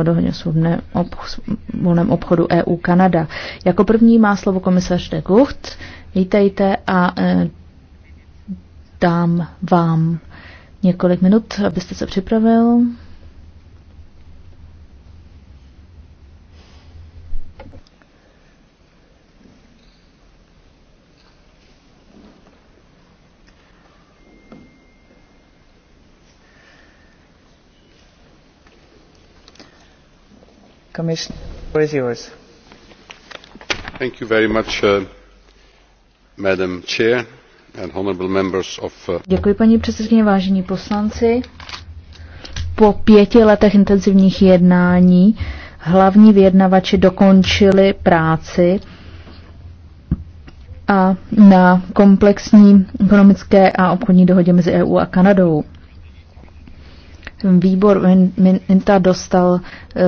o dohodě o volném obchodu EU-Kanada. Jako první má slovo komisař de Gucht. Vítejte a e, dám vám několik minut, abyste se připravil. Děkuji paní předsedkyně, vážení poslanci. Po pěti letech intenzivních jednání hlavní vyjednavači dokončili práci a na komplexní ekonomické a obchodní dohodě mezi EU a Kanadou. Výbor Minta dostal eh,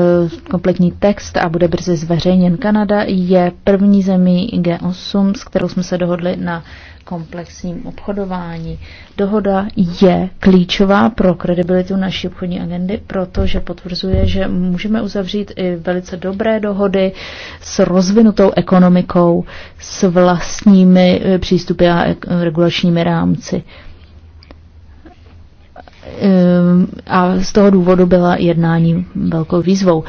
kompletní text a bude brzy zveřejněn. Kanada je první zemí G8, s kterou jsme se dohodli na komplexním obchodování. Dohoda je klíčová pro kredibilitu naší obchodní agendy, protože potvrzuje, že můžeme uzavřít i velice dobré dohody s rozvinutou ekonomikou, s vlastními eh, přístupy a regulačními rámci. Ehm, a z toho důvodu byla jednání velkou výzvou.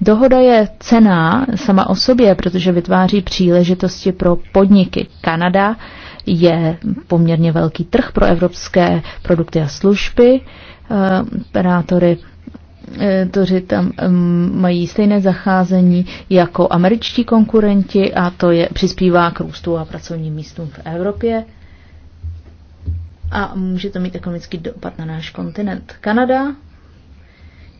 Dohoda je cená sama o sobě, protože vytváří příležitosti pro podniky. Kanada je poměrně velký trh pro evropské produkty a služby. Ehm, operátory eh, to že tam ehm, mají stejné zacházení jako američtí konkurenti a to je, přispívá k růstu a pracovním místům v Evropě a může to mít ekonomický dopad na náš kontinent. Kanada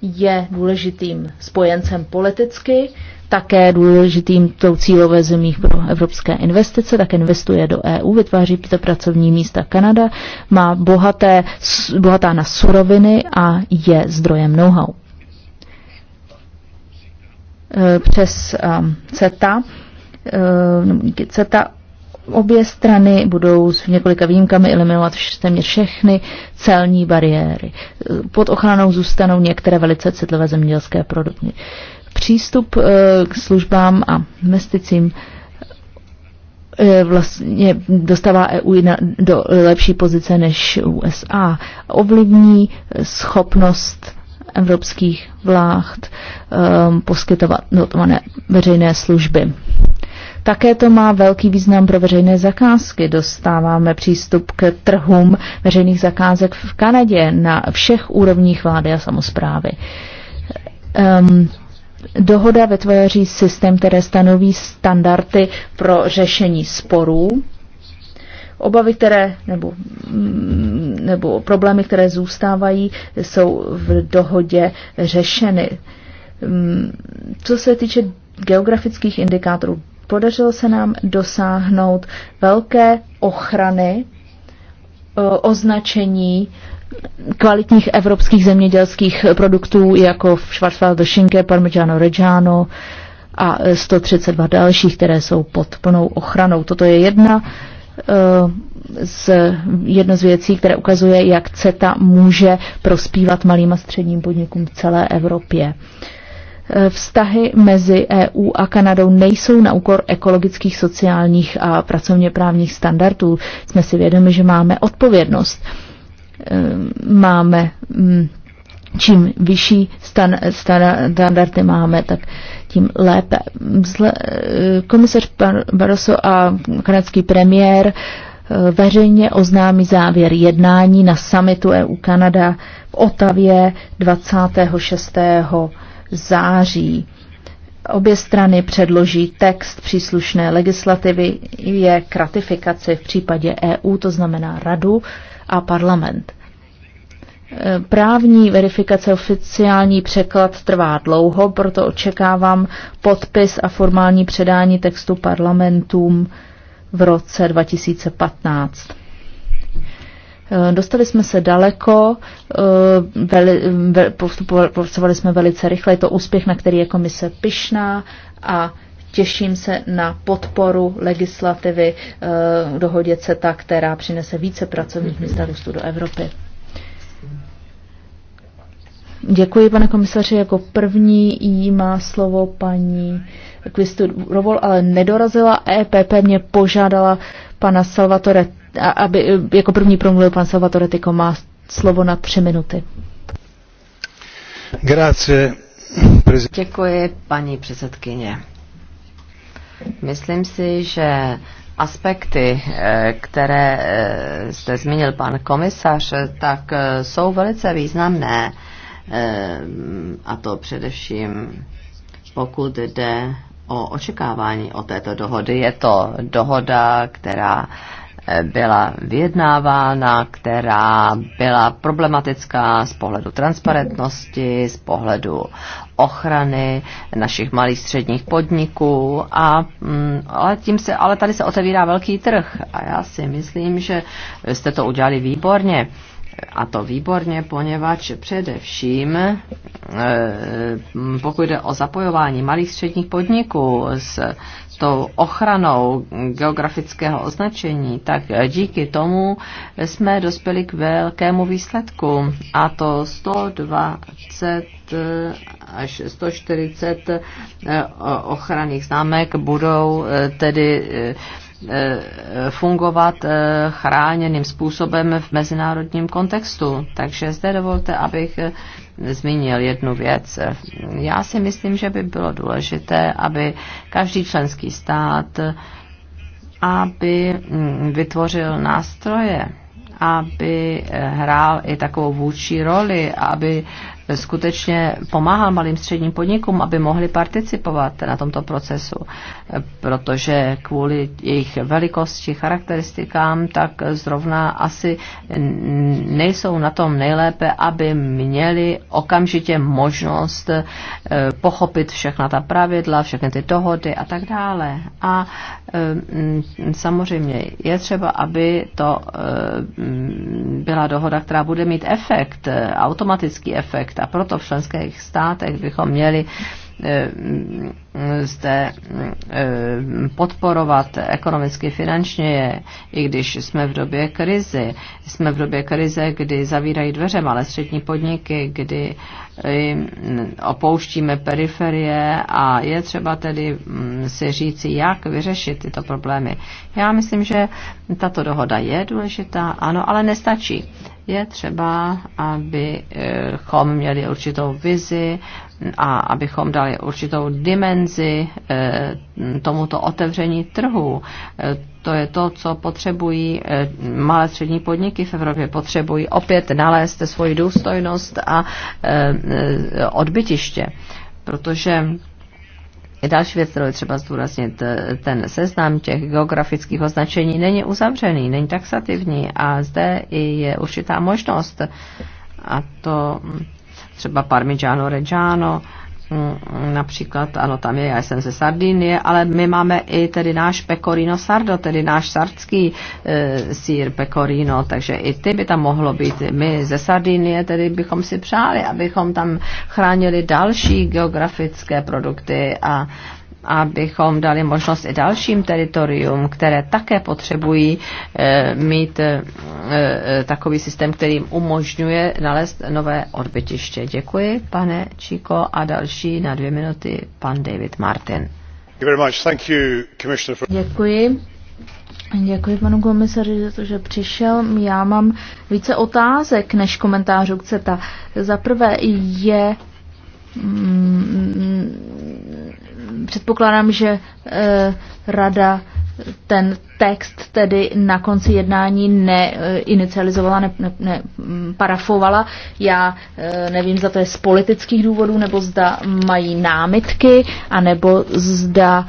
je důležitým spojencem politicky, také důležitým tou cílové zemí pro evropské investice, tak investuje do EU, vytváří to pracovní místa Kanada, má bohaté, bohatá na suroviny a je zdrojem know-how. E, přes um, CETA, e, CETA Obě strany budou s několika výjimkami eliminovat téměř všechny celní bariéry. Pod ochranou zůstanou některé velice citlivé zemědělské produkty. Přístup eh, k službám a investicím eh, vlastně dostává EU do lepší pozice než USA. Ovlivní schopnost evropských vlád eh, poskytovat dotované veřejné služby. Také to má velký význam pro veřejné zakázky. Dostáváme přístup k trhům veřejných zakázek v Kanadě na všech úrovních vlády a samozprávy. Um, ehm, dohoda vytváří systém, které stanoví standardy pro řešení sporů, obavy, které, nebo, mm, nebo problémy, které zůstávají, jsou v dohodě řešeny. Ehm, co se týče geografických indikátorů, podařilo se nám dosáhnout velké ochrany e, označení kvalitních evropských zemědělských produktů jako Schwarzwald Schinke, Parmigiano Reggiano a 132 dalších, které jsou pod plnou ochranou. Toto je jedna e, z, jedna z věcí, které ukazuje, jak CETA může prospívat malým a středním podnikům v celé Evropě. Uh, Eh, vztahy mezi EU a Kanadou nejsou na úkor ekologických, sociálních a pracovně právních standardů. Jsme si vědomi, že máme odpovědnost. Eh, máme mm, čím vyšší stan, standardy máme, tak tím lépe. Zle, eh, komisař Barroso a kanadský premiér veřejně oznámí závěr jednání na summitu EU Kanada v Otavě 26 září. Obě strany předloží text příslušné legislativy je k ratifikaci v případě EU, to znamená radu a parlament. Právní verifikace oficiální překlad trvá dlouho, proto očekávám podpis a formální předání textu parlamentům v roce 2015. Eh, dostali jsme se daleko, eh, veli, ve, postupovali jsme velice rychle, je to úspěch, na který je komise pyšná a těším se na podporu legislativy eh, dohodě CETA, která přinese více pracovních míst a růstu do Evropy. Děkuji, pane komisaři. Jako první jí má slovo paní Kvistu Rovol, ale nedorazila. EPP mě požádala pana Salvatore aby jako první promluvil pan Salvatore Tyko, má slovo na tři minuty. Grazie. Děkuji, paní předsedkyně. Myslím si, že aspekty, eh, které jste eh, zmínil pan komisař, tak eh, jsou velice významné. A to především pokud jde o očekávání o této dohody. Je to dohoda, která byla vyjednávána, která byla problematická z pohledu transparentnosti, z pohledu ochrany našich malých středních podniků a mm, ale, tím se, ale tady se otevírá velký trh a já si myslím, že jste to udělali výborně. A to výborně, poněvadž především, e, pokud jde o zapojování malých středních podniků s tou ochranou geografického označení, tak díky tomu jsme dospěli k velkému výsledku. A to 120 e, až 140 e, ochranných známek budou tedy Eh, fungovat eh, chráněným způsobem v mezinárodním kontextu. Takže zde dovolte, abych eh, zmínil jednu věc. Já si myslím, že by bylo důležité, aby každý členský stát aby mm, vytvořil nástroje, aby hrál i takovou vůči roli, aby skutečně pomáhal malým středním podnikům, aby mohli participovat na tomto procesu, protože kvůli jejich velikosti, charakteristikám, tak zrovna asi nejsou na tom nejlépe, aby měli okamžitě možnost eh, pochopit všechna ta pravidla, všechny ty dohody a tak dále. A eh, samozřejmě je třeba, aby to eh, byla dohoda, která bude mít efekt, automatický efekt, projekt. A proto v členských státech bychom měli eh, mm, zde eh, podporovat ekonomicky, finančně je, i když jsme v době krizi. Jsme v době krize, kdy zavírají dveře malé střední podniky, kdy eh, opouštíme periferie a je třeba tedy mm, si říci, jak vyřešit tyto problémy. Já myslím, že tato dohoda je důležitá, ano, ale nestačí je třeba, abychom měli určitou vizi a abychom dali určitou dimenzi eh, tomuto otevření trhu. Eh, to je to, co potřebují eh, malé střední podniky v Evropě. Potřebují opět nalézt svoji důstojnost a odbytiště, protože je Další věc, kterou je třeba zdůraznit, eh, ten seznam těch geografických označení není uzavřený, není taxativní a zde je určitá možnost a to hm, třeba Parmigiano Reggiano, Mm, například, ano, tam je, já jsem ze Sardinie, ale my máme i tedy náš pecorino sardo, tedy náš sardský e, sír pecorino, takže i ty by tam mohlo být. My ze Sardinie tedy bychom si přáli, abychom tam chránili další geografické produkty a abychom dali možnost i dalším teritorium, které také potřebují eh, mít eh, eh, takový systém, který jim umožňuje nalézt nové odbytiště. Děkuji, pane Číko, a další na dvě minuty pan David Martin. Děkuji. Děkuji panu komisaři za to, že přišel. Já mám více otázek než komentářů k CETA. Za prvé je Mm, předpokládám, že eh, rada ten text tedy na konci jednání neinicializovala, eh, ne, ne, ne, mm, parafovala. Já eh, nevím, zda to je z politických důvodů, nebo zda mají námitky, anebo zda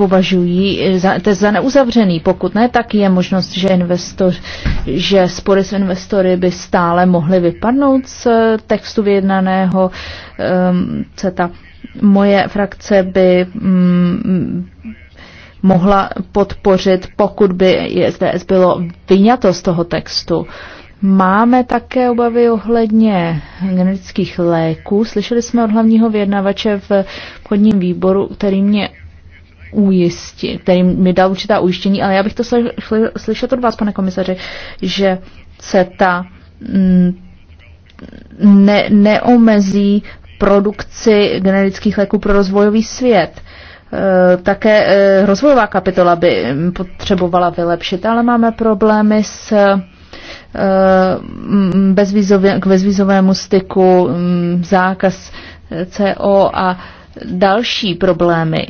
považují e, za, to za neuzavřený. Pokud ne, tak je možnost, že, investor, že spory s investory by stále mohly vypadnout z e, textu vyjednaného um, CETA. Moje frakce by um, mohla podpořit, pokud by SDS bylo vyňato z toho textu. Máme také obavy ohledně generických léků. Slyšeli jsme od hlavního vyjednavače v podním výboru, který mě ujistit, který mi dal určitá ujištění, ale já bych to slyšel od vás, pane komisaři, že CETA mm, ne, neomezí produkci generických léků pro rozvojový svět. E, také e, rozvojová kapitola by potřebovala vylepšit, ale máme problémy s e, bezvízově, k bezvizovému styku, zákaz CO a další problémy.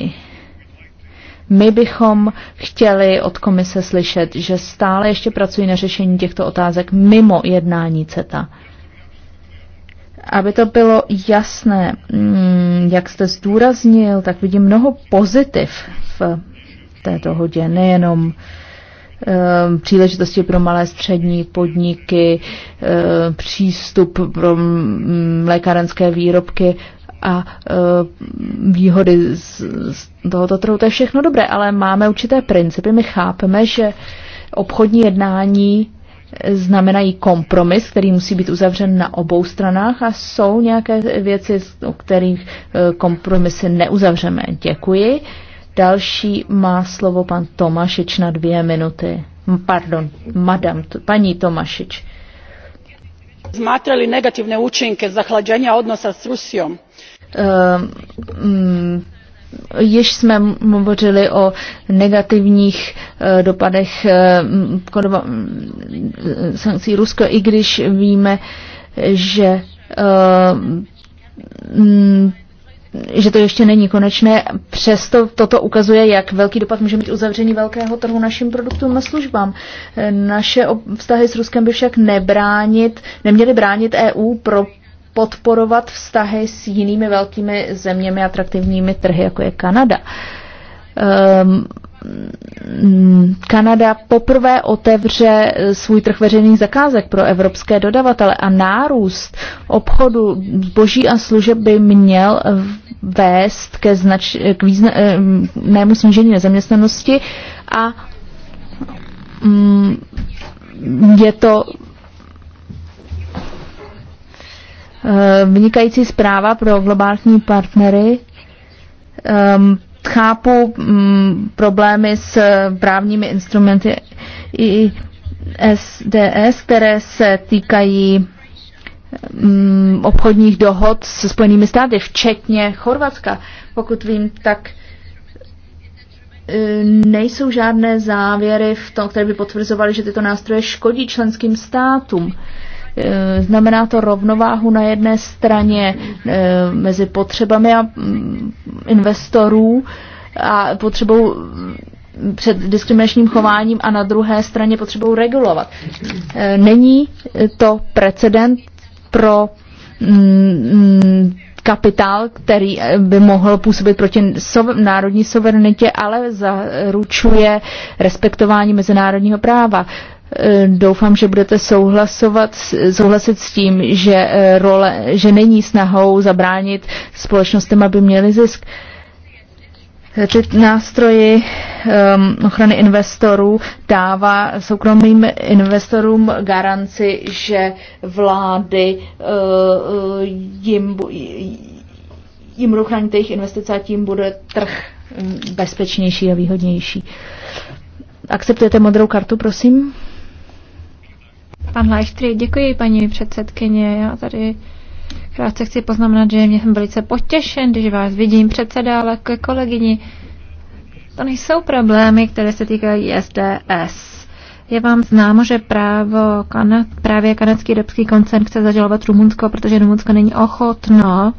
My bychom chtěli od komise slyšet, že stále ještě pracují na řešení těchto otázek mimo jednání CETA. Aby to bylo jasné, mm, jak jste zdůraznil, tak vidím mnoho pozitiv v této hodě. nejenom eh, příležitosti pro malé střední podniky, eh, přístup pro mm, lékárenské výrobky, a e, výhody z, z tohoto trhu. To je všechno dobré, ale máme určité principy. My chápeme, že obchodní jednání znamenají kompromis, který musí být uzavřen na obou stranách a jsou nějaké věci, o kterých e, kompromisy neuzavřeme. Děkuji. Další má slovo pan Tomašič na dvě minuty. Pardon, madam, paní Tomašič. Zmátrali negativné účinky zahlađenja odnosa s Rusijom Eh, mm, již jsme mluvili o negativních eh, dopadech eh, mm, sankcí Rusko, i když víme, že mm, že to ještě není konečné. Přesto toto ukazuje, jak velký dopad může mít uzavření velkého trhu našim produktům a službám. Naše vztahy s Ruskem by však nebránit, neměly bránit EU pro podporovat vztahy s jinými velkými zeměmi atraktivními trhy, jako je Kanada. Um, Kanada poprvé otevře svůj trh veřejných zakázek pro evropské dodavatele a nárůst obchodu zboží a služeb by měl vést ke znač- k významnému ehm, snížení nezaměstnanosti a mm, je to Eh, vynikající zpráva pro globální partnery. Ehm, chápu mm, problémy s eh, právními instrumenty i SDS, které se týkají mm, obchodních dohod se Spojenými státy, včetně Chorvatska. Pokud vím, tak eh, nejsou žádné závěry v tom, které by potvrzovaly, že tyto nástroje škodí členským státům. Eh, znamená to rovnováhu na jedné straně eh, mezi potřebami a mm, investorů a potřebou mm, před diskriminačním chováním a na druhé straně potřebou regulovat. Eh, není to precedent pro mm, kapitál, který by mohl působit proti národní suverenitě, ale zaručuje respektování mezinárodního práva. Eh, doufám, že budete souhlasovat, souhlasit s tím, že, eh, role, že není snahou zabránit společnostem, aby měli zisk. Eh, ty nástroji um, ochrany investorů dává soukromým investorům garanci, že vlády uh, jim, jim budou chránit jejich investice a tím bude trh hm, bezpečnější a výhodnější. Akceptujete modrou kartu, prosím? Pan Leichtry, děkuji paní předsedkyně. Já tady krátce chci poznamenat, že mě jsem velice potěšen, když vás vidím předseda, ale ke kolegyni. To nejsou problémy, které se týkají SDS. Je vám známo, že právo kan- právě kanadský evropský koncern chce zažalovat Rumunsko, protože Rumunsko není ochotno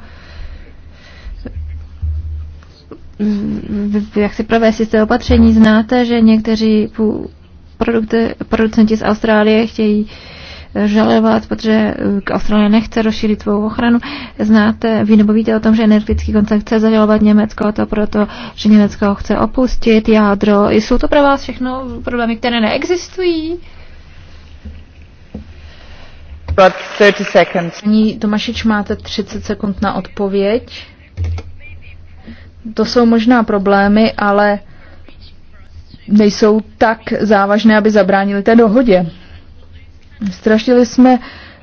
jak si provést jisté opatření. Znáte, že někteří produkty, producenti z Austrálie chtějí eh, žalovat, protože eh, k Austrálie nechce rozšířit svou ochranu. Znáte, vy nebo víte o tom, že energetický koncept chce zažalovat Německo, a to proto, že Německo chce opustit jádro. Jsou to pro vás všechno problémy, které neexistují? But 30 seconds. Paní Tomašič, máte 30 sekund na odpověď. To jsou možná problémy, ale nejsou tak závažné, aby zabránili té dohodě. Strašili jsme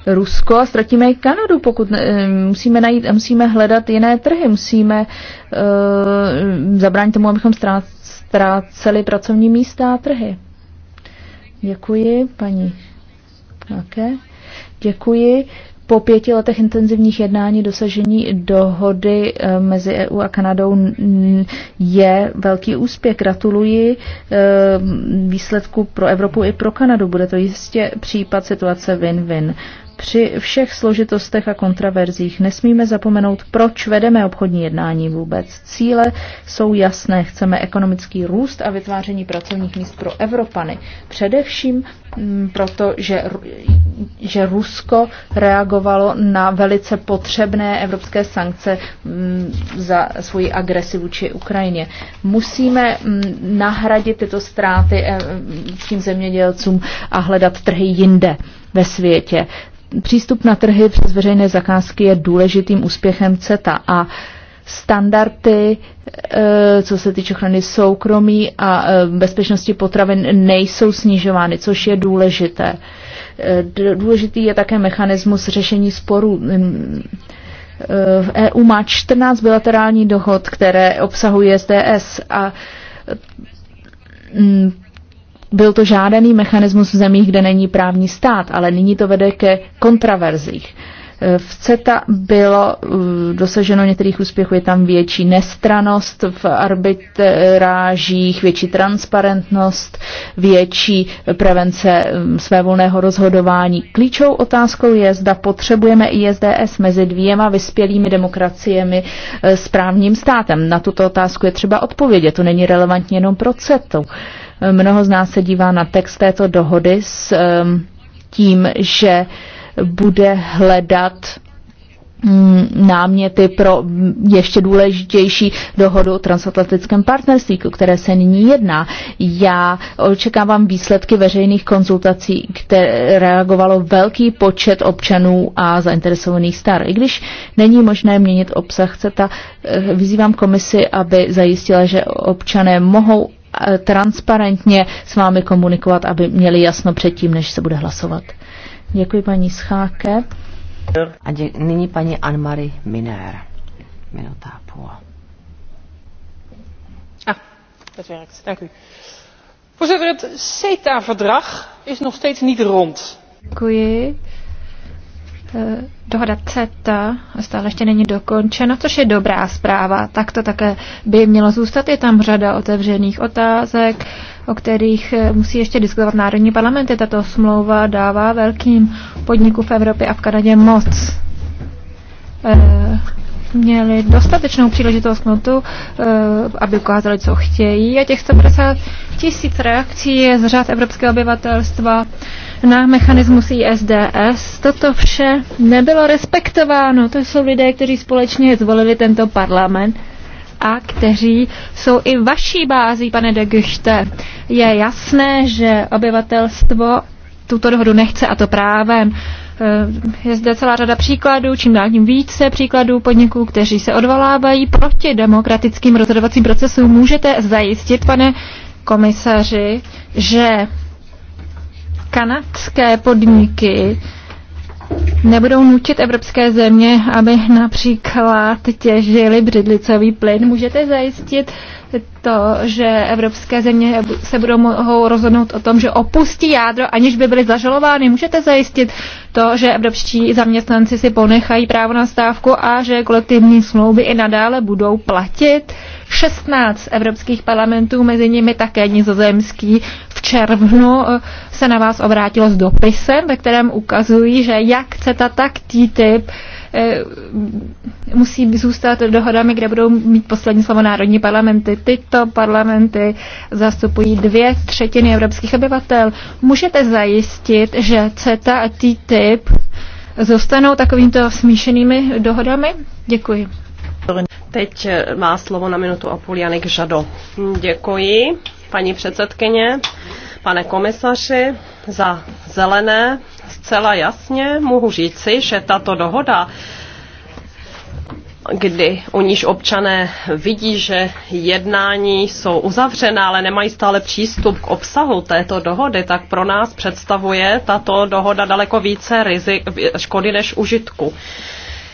Rusko a ztratíme i Kanadu, pokud ne, eh, musíme najít musíme hledat jiné trhy, musíme uh, zabránit tomu, abychom ztráceli pracovní místa a trhy. Děkuji, paní Také. Děkuji po pěti letech intenzivních jednání dosažení dohody eh, mezi EU a Kanadou je velký úspěch. Gratuluji eh, výsledku pro Evropu i pro Kanadu. Bude to jistě případ situace win-win. Při všech složitostech a kontraverzích nesmíme zapomenout, proč vedeme obchodní jednání vůbec. Cíle jsou jasné. Chceme ekonomický růst a vytváření pracovních míst pro Evropany. Především Mm, protože že Rusko reagovalo na velice potřebné evropské sankce mm, za svoji agresi vůči Ukrajině. Musíme mm, nahradit tyto ztráty tím eh, zemědělcům a hledat trhy jinde ve světě. Přístup na trhy přes veřejné zakázky je důležitým úspěchem CETA a standardy, eh, co se týče ochrany soukromí a eh, bezpečnosti potravin, nejsou snižovány, což je důležité. Eh, důležitý je také mechanismus řešení sporů. Hm, v EU má 14 bilaterální dohod, které obsahuje SDS a hm, byl to žádaný mechanismus v zemích, kde není právní stát, ale nyní to vede ke kontraverzích. V CETA bylo uh, dosaženo některých úspěchů, je tam větší nestranost v arbitrážích, větší transparentnost, větší prevence um, svévolného rozhodování. Klíčovou otázkou je, zda potřebujeme ISDS mezi dvěma vyspělými demokraciemi eh, s právním státem. Na tuto otázku je třeba odpovědět, to není relevantní jenom pro CETu. Eh, mnoho z nás se dívá na text této dohody s ehm, tím, že uh, bude hledat mm, náměty pro mm, ještě důležitější dohodu o transatlantickém partnerství, o které se nyní jedná. Já očekávám výsledky veřejných konzultací, které reagovalo velký počet občanů a zainteresovaných star. I když není možné měnit obsah CETA, eh, vyzývám komisi, aby zajistila, že občané mohou eh, transparentně s vámi komunikovat, aby měli jasno předtím, než se bude hlasovat. Děkuji paní Scháke. A dě- nyní paní Anmary Minér. Minutá půl. Ah, dat werkt. Dank u. Voorzitter, het CETA-verdrag is nog steeds niet rond. Děkuji. Eh, dohoda CETA stále ještě není dokončena, což je dobrá zpráva. Tak to také by mělo zůstat. Je tam řada otevřených otázek o kterých eh, musí ještě diskutovat národní parlamenty. Tato smlouva dává velkým podnikům v Evropě a v Kanadě moc. E, měli dostatečnou příležitost k tu, e, aby ukázali, co chtějí. A těch 150 tisíc reakcí je z řád evropského obyvatelstva na mechanismus ISDS. Toto vše nebylo respektováno. To jsou lidé, kteří společně zvolili tento parlament a kteří jsou i vaší bází, pane de Guchte. Je jasné, že obyvatelstvo tuto dohodu nechce a to právem. Eh, je zde celá řada příkladů, čím dál tím více příkladů podniků, kteří se odvolávají proti demokratickým rozhodovacím procesům. Můžete zajistit, pane komisaři, že kanadské podniky nebudou nutit evropské země, aby například těžili břidlicový plyn. Můžete zajistit to, že evropské země se budou mohou rozhodnout o tom, že opustí jádro, aniž by byly zažalovány. Můžete zajistit to, že evropští zaměstnanci si ponechají právo na stávku a že kolektivní smlouvy i nadále budou platit. Uh, 16 evropských parlamentů, mezi nimi také nizozemský, v červnu eh, se na vás obrátilo s dopisem, ve kterém ukazují, že jak CETA, tak TTIP eh, musí zůstat dohodami, kde budou mít poslední slovo národní parlamenty. Tyto parlamenty zastupují dvě třetiny evropských obyvatel. Můžete zajistit, že CETA a TTIP zůstanou takovýmto smíšenými dohodami? Děkuji. Teď eh, má slovo na minutu a půl Janik Žado. Děkuji, paní předsedkyně, pane komisaři, za zelené. Zcela jasně mohu říci, že tato dohoda kdy u níž občané vidí, že jednání jsou uzavřená, ale nemají stále přístup k obsahu této dohody, tak pro nás představuje tato dohoda daleko více rizik, škody než užitku.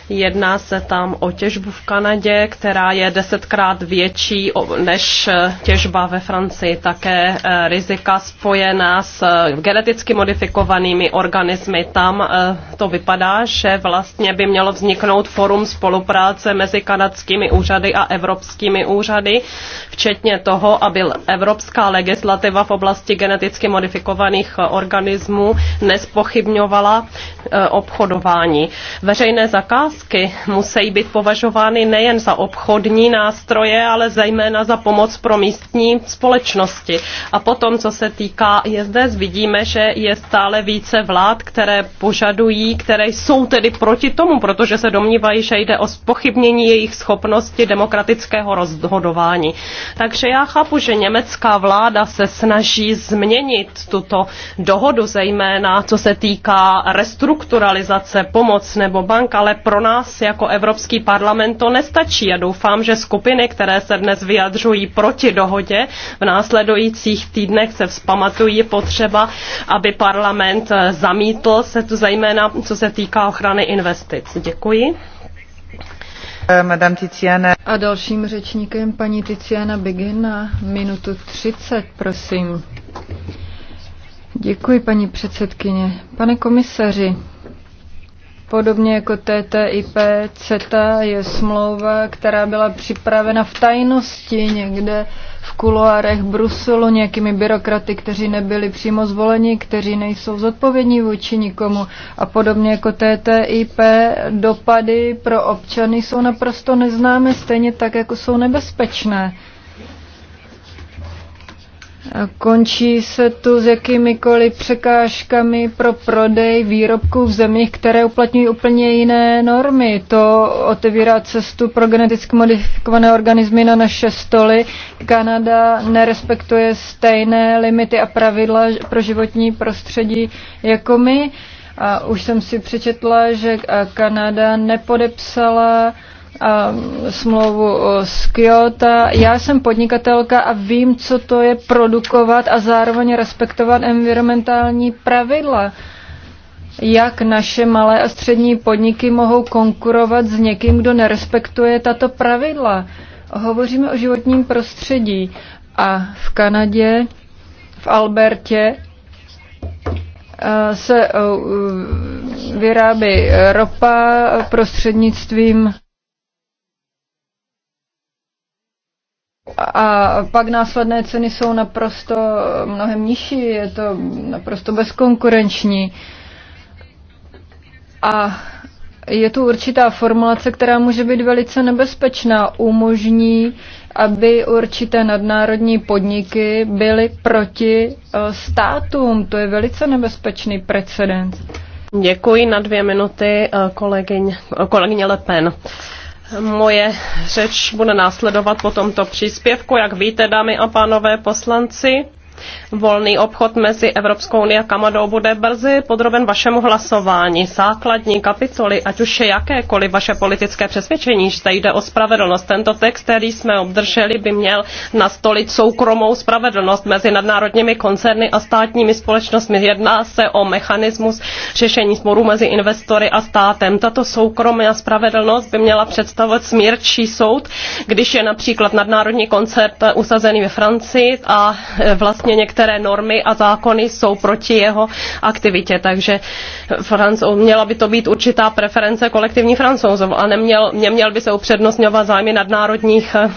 Jedná se tam o těžbu v Kanadě, která je desetkrát větší než těžba ve Francii. Také eh, rizika spojená s eh, geneticky modifikovanými organismy. Tam eh, to vypadá, že vlastně by mělo vzniknout forum spolupráce mezi kanadskými úřady a evropskými úřady, včetně toho, aby evropská legislativa v oblasti geneticky modifikovaných organismů nespochybňovala obchodování. Veřejné zakázky otázky musí být považovány nejen za obchodní nástroje, ale zejména za pomoc pro místní společnosti. A potom, co se týká jezdec, vidíme, že je stále více vlád, které požadují, které jsou tedy proti tomu, protože se domnívají, že jde o spochybnění jejich schopnosti demokratického rozhodování. Takže já chápu, že německá vláda se snaží změnit tuto dohodu, zejména co se týká restrukturalizace, pomoc nebo bank, ale pro nás jako Evropský parlament to nestačí. Já doufám, že skupiny, které se dnes vyjadřují proti dohodě, v následujících týdnech se vzpamatují potřeba, aby parlament eh, zamítl se tu zejména, co se týká ochrany investic. Děkuji. Eh, madame Tiziana. A dalším řečníkem paní Tiziana Begin na minutu 30, prosím. Děkuji, paní předsedkyně. Pane komisaři, Podobně jako TTIP, CETA je smlouva, která byla připravena v tajnosti někde v kuloárech Bruselu nějakými byrokraty, kteří nebyli přímo zvoleni, kteří nejsou zodpovědní vůči nikomu. A podobně jako TTIP, dopady pro občany jsou naprosto neznámé, stejně tak, jako jsou nebezpečné. Končí se tu s jakýmikoliv překážkami pro prodej výrobků v zemích, které uplatňují úplně jiné normy. To otevírá cestu pro geneticky modifikované organismy na naše stoly. Kanada nerespektuje stejné limity a pravidla pro životní prostředí jako my. A už jsem si přečetla, že Kanada nepodepsala smlouvu z Kyoto. Já jsem podnikatelka a vím, co to je produkovat a zároveň respektovat environmentální pravidla. Jak naše malé a střední podniky mohou konkurovat s někým, kdo nerespektuje tato pravidla? Hovoříme o životním prostředí a v Kanadě, v Albertě se vyrábí ropa prostřednictvím A pak následné ceny jsou naprosto mnohem nižší, je to naprosto bezkonkurenční. A je tu určitá formulace, která může být velice nebezpečná. Umožní, aby určité nadnárodní podniky byly proti eh, státům. To je velice nebezpečný precedens. Děkuji na dvě minuty eh, eh, kolegyně Lepen. Moje řeč bude následovat po tomto příspěvku, jak víte, dámy a pánové poslanci. Volný obchod mezi Evropskou unii a Kanadou bude brzy podroben vašemu hlasování. Základní kapitoly, ať už je jakékoliv vaše politické přesvědčení, že jde o spravedlnost. Tento text, který jsme obdrželi, by měl nastolit soukromou spravedlnost mezi nadnárodními koncerny a státními společnostmi. Jedná se o mechanismus řešení sporů mezi investory a státem. Tato soukromá spravedlnost by měla představovat smírčí soud, když je například nadnárodní koncert usazený ve Francii a vlastně vlastně některé normy a zákony jsou proti jeho aktivitě. Takže Franco, měla by to být určitá preference kolektivní francouzů a neměl, neměl by se upřednostňovat zájmy nadnárodních eh,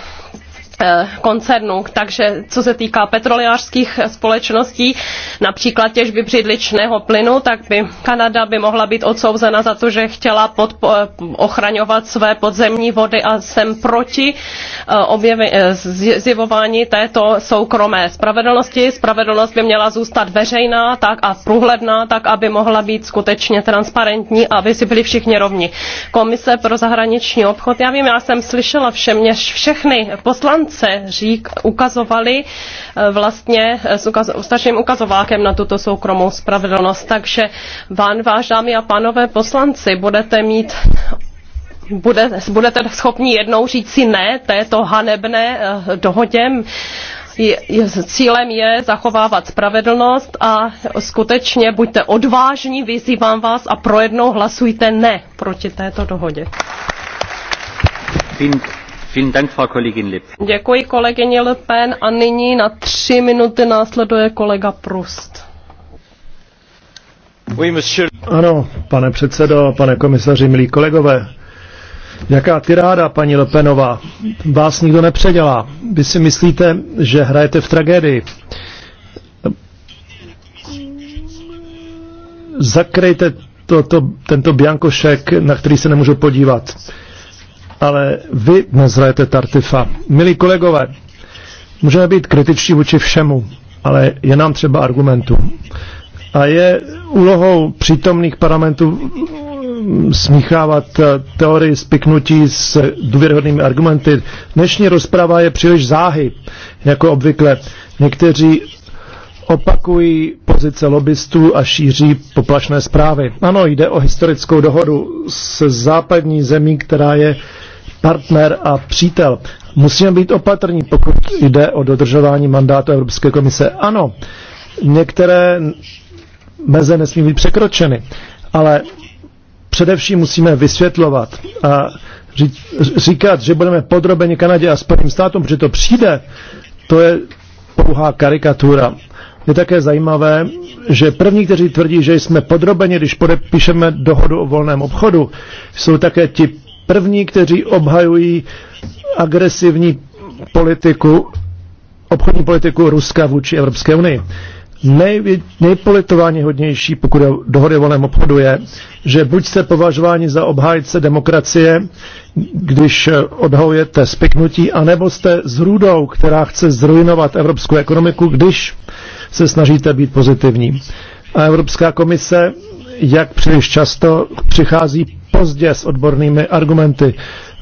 Eh, koncernů. Takže co se týká petroliářských společností, například těžby břidličného plynu, tak by Kanada by mohla být odsouzena za to, že chtěla podpo- eh, ochraňovat své podzemní vody a jsem proti eh, objevy, zjevování této soukromé spravedlnosti. Spravedlnost by měla zůstat veřejná tak a průhledná, tak aby mohla být skutečně transparentní a aby si byli všichni rovni. Komise pro zahraniční obchod, já vím, já jsem slyšela všem, všechny poslance, Finance řík, ukazovali eh, vlastně s, ukaz, s naším ukazovákem na tuto soukromou spravedlnost. Takže vám, váš dámy a pánové poslanci, budete mít bude, budete schopni jednou říct si ne této hanebné eh, dohodě cílem je zachovávat spravedlnost a skutečně buďte odvážní, vyzývám vás a projednou hlasujte ne proti této dohodě. Děkuji kolegyně Le Pen a nyní na tři minuty následuje kolega Prust. Ano, pane předsedo, pane komisaři, milí kolegové. Jaká tiráda, paní Lepenová. Vás nikdo nepředělá. Vy si myslíte, že hrajete v tragédii. Zakryjte to, to, tento biankošek, na který se nemůžu podívat ale vy dnes hrajete Tartifa. Milí kolegové, můžeme být kritičtí vůči všemu, ale je nám třeba argumentů. A je úlohou přítomných parlamentů mm, smíchávat eh, teorii spiknutí s důvěrhodnými argumenty. Dnešní rozprava je příliš záhy, jako obvykle. Někteří opakují pozice lobbystů a šíří poplašné zprávy. Ano, jde o historickou dohodu s západní zemí, která je partner a přítel. Musíme být opatrní, pokud jde o dodržování mandátu Evropské komise. Ano, některé meze nesmí být překročeny, ale především musíme vysvětlovat a říkat, že budeme podrobeni Kanadě a Spojeným státům, protože to přijde, to je pouhá karikatura. Je také zajímavé, že první, kteří tvrdí, že jsme podrobeni, když podepíšeme dohodu o volném obchodu, jsou také ti první, kteří obhajují agresivní politiku, obchodní politiku Ruska vůči Evropské unii. Nej, nejpolitování hodnější, pokud je dohody o volném obchodu, je, že buď jste považováni za obhájce demokracie, když odhojete spiknutí, anebo jste zrůdou, která chce zrujnovat evropskou ekonomiku, když se snažíte být pozitivní. A Evropská komise, jak příliš často, přichází pozdě s odbornými argumenty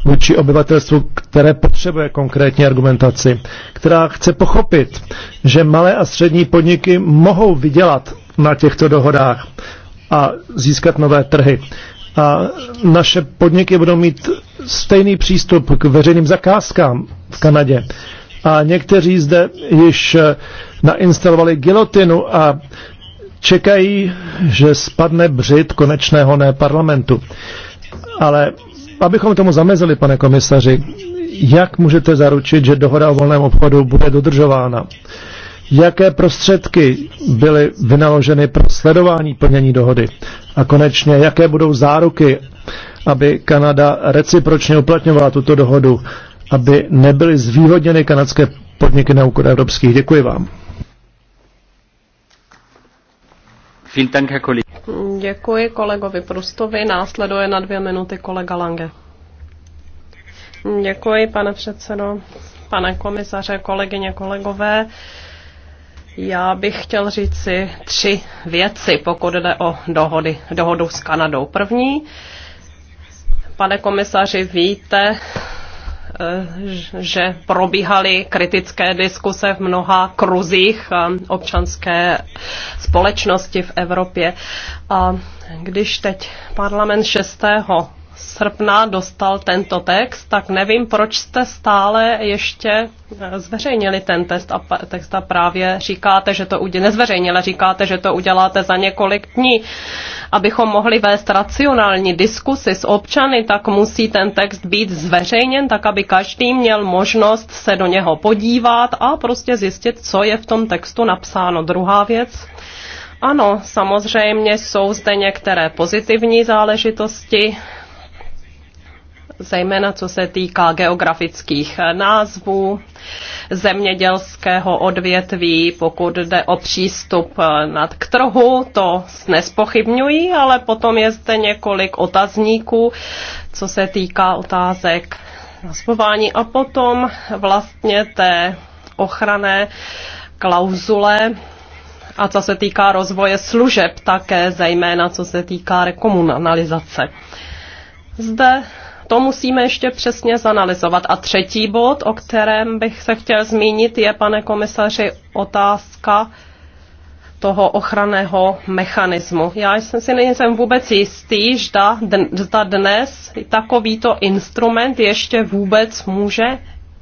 vůči obyvatelstvu, které potřebuje konkrétní argumentaci, která chce pochopit, že malé a střední podniky mohou vydělat na těchto dohodách a získat nové trhy. A naše podniky budou mít stejný přístup k veřejným zakázkám v Kanadě. A někteří zde již nainstalovali gilotinu a čekají, že spadne břit konečného ne parlamentu. Ale abychom tomu zamezili, pane komisaři, jak můžete zaručit, že dohoda o volném obchodu bude dodržována? Jaké prostředky byly vynaloženy pro sledování plnění dohody? A konečně, jaké budou záruky, aby Kanada recipročně uplatňovala tuto dohodu, aby nebyly zvýhodněny kanadské podniky na úkor evropských? Děkuji vám. Děkuji kolegovi Prustovi. Následuje na dvě minuty kolega Lange. Děkuji, pane předsedo, pane komisaře, kolegyně, kolegové. Já bych chtěl říct si tři věci, pokud jde o dohody, dohodu s Kanadou. První, pane komisaři, víte, Eh, že probíhaly kritické diskuse v mnoha kruzích eh, občanské společnosti v Evropě. A když teď parlament 6 srpna dostal tento text, tak nevím, proč jste stále ještě eh, zveřejnili ten test a, text a právě říkáte, že to udě... nezveřejnili, říkáte, že to uděláte za několik dní. Abychom mohli vést racionální diskusy s občany, tak musí ten text být zveřejněn, tak aby každý měl možnost se do něho podívat a prostě zjistit, co je v tom textu napsáno. Druhá věc, ano, samozřejmě jsou zde některé pozitivní záležitosti, zejména co se týká geografických názvů, zemědělského odvětví, pokud jde o přístup nad k trhu, to nespochybňují, ale potom je zde několik otazníků, co se týká otázek nazvování a potom vlastně té ochrané klauzule a co se týká rozvoje služeb také, zejména co se týká rekomunalizace. Zde to musíme ještě přesně zanalizovat. A třetí bod, o kterém bych se chtěl zmínit, je, pane komisaři, otázka toho ochranného mechanismu. Já jsem si nejsem vůbec jistý, zda dnes takovýto instrument ještě vůbec může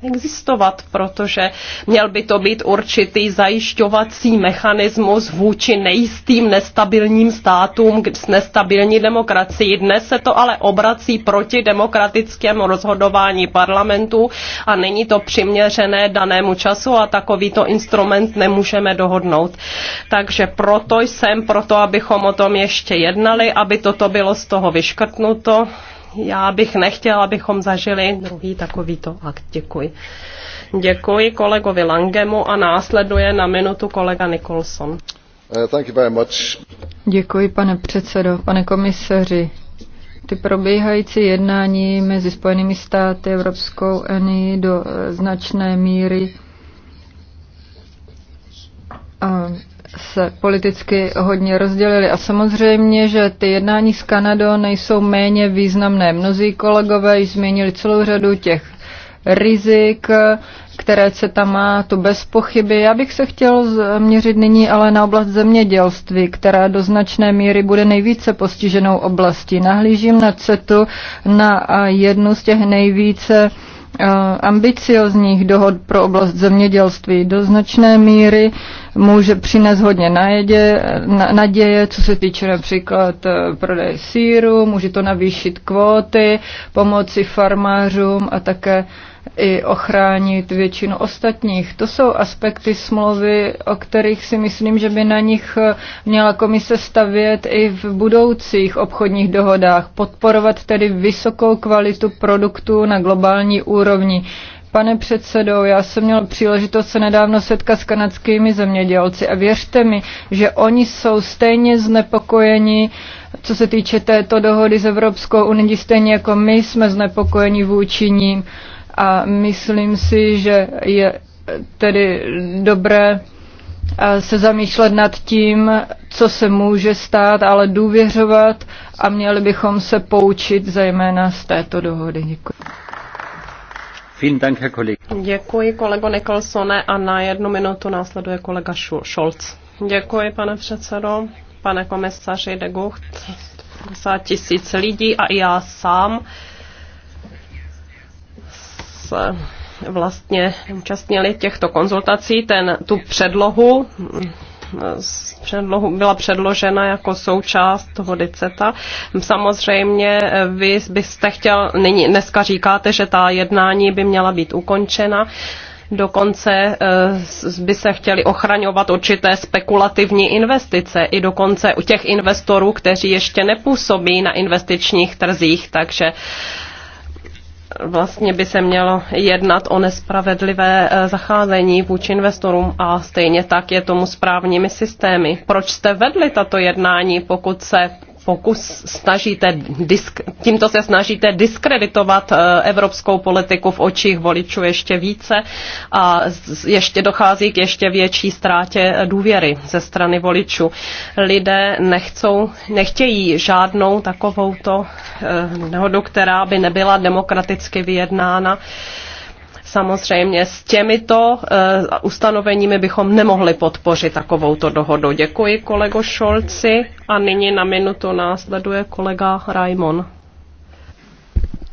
existovat, protože měl by to být určitý zajišťovací mechanismus vůči nejistým nestabilním státům s nestabilní demokracií. Dnes se to ale obrací proti demokratickému rozhodování parlamentu a není to přiměřené danému času a takovýto instrument nemůžeme dohodnout. Takže proto jsem proto, abychom o tom ještě jednali, aby toto bylo z toho vyškrtnuto já bych nechtěla, abychom zažili druhý takovýto akt. Děkuji. Děkuji kolegovi Langemu a následuje na minutu kolega Nicholson. Uh, thank you very much. Děkuji, pane předsedo, pane komisaři. Ty probíhající jednání mezi Spojenými státy a Evropskou unii do e, značné míry a se politicky hodně rozdělili. A samozřejmě, že ty jednání s Kanadou nejsou méně významné. Mnozí kolegové již změnili celou řadu těch rizik, které se tam má, to bez pochyby. Já bych se chtěl změřit nyní ale na oblast zemědělství, která do značné míry bude nejvíce postiženou oblastí. Nahlížím na CETu na jednu z těch nejvíce Eh, ambiciozních dohod pro oblast zemědělství do značné míry může přinést hodně najedě, na, naděje, co se týče například eh, prodeje síru, může to navýšit kvóty, pomoci farmářům a také uh, i ochránit většinu ostatních. To jsou aspekty smlouvy, o kterých si myslím, že by na nich měla komise stavět i v budoucích obchodních dohodách, podporovat tedy vysokou kvalitu produktů na globální úrovni. Pane předsedo, já jsem měl příležitost se nedávno setkat s kanadskými zemědělci a věřte mi, že oni jsou stejně znepokojeni, co se týče této dohody s Evropskou unii, stejně jako my jsme znepokojeni vůči ním. A myslím si, že je tedy dobré eh, se zamýšlet nad tím, co se může stát, ale důvěřovat a měli bychom se poučit zejména z této dohody. Děkuji. Děkuji kolego Nicholsone a na jednu minutu následuje kolega Scholz. Děkuji, pane předsedo, pane komisaři de Gucht, 50 tisíc lidí a i já sám vlastně účastnili těchto konzultací. Ten, tu předlohu předlohu, byla předložena jako součást toho DICETA. Samozřejmě vy byste chtěl, nyní, dneska říkáte, že ta jednání by měla být ukončena dokonce eh, by se chtěli ochraňovat určité spekulativní investice i dokonce u těch investorů, kteří ještě nepůsobí na investičních trzích, takže vlastně by se mělo jednat o nespravedlivé eh, zacházení vůči investorům a stejně tak je tomu správními systémy. Proč jste vedli tato jednání, pokud se pokus snažíte, disk, tímto se snažíte diskreditovat eh, evropskou politiku v očích voličů ještě více a ještě dochází k ještě větší ztrátě eh, důvěry ze strany voličů. Lidé nechcou, nechtějí žádnou takovouto dohodu, eh, která by nebyla demokraticky vyjednána. Uh, samozřejmě s těmito eh, ustanoveními bychom nemohli podpořit takovouto dohodu. Děkuji kolego Šolci a nyní na minutu následuje kolega Raimon.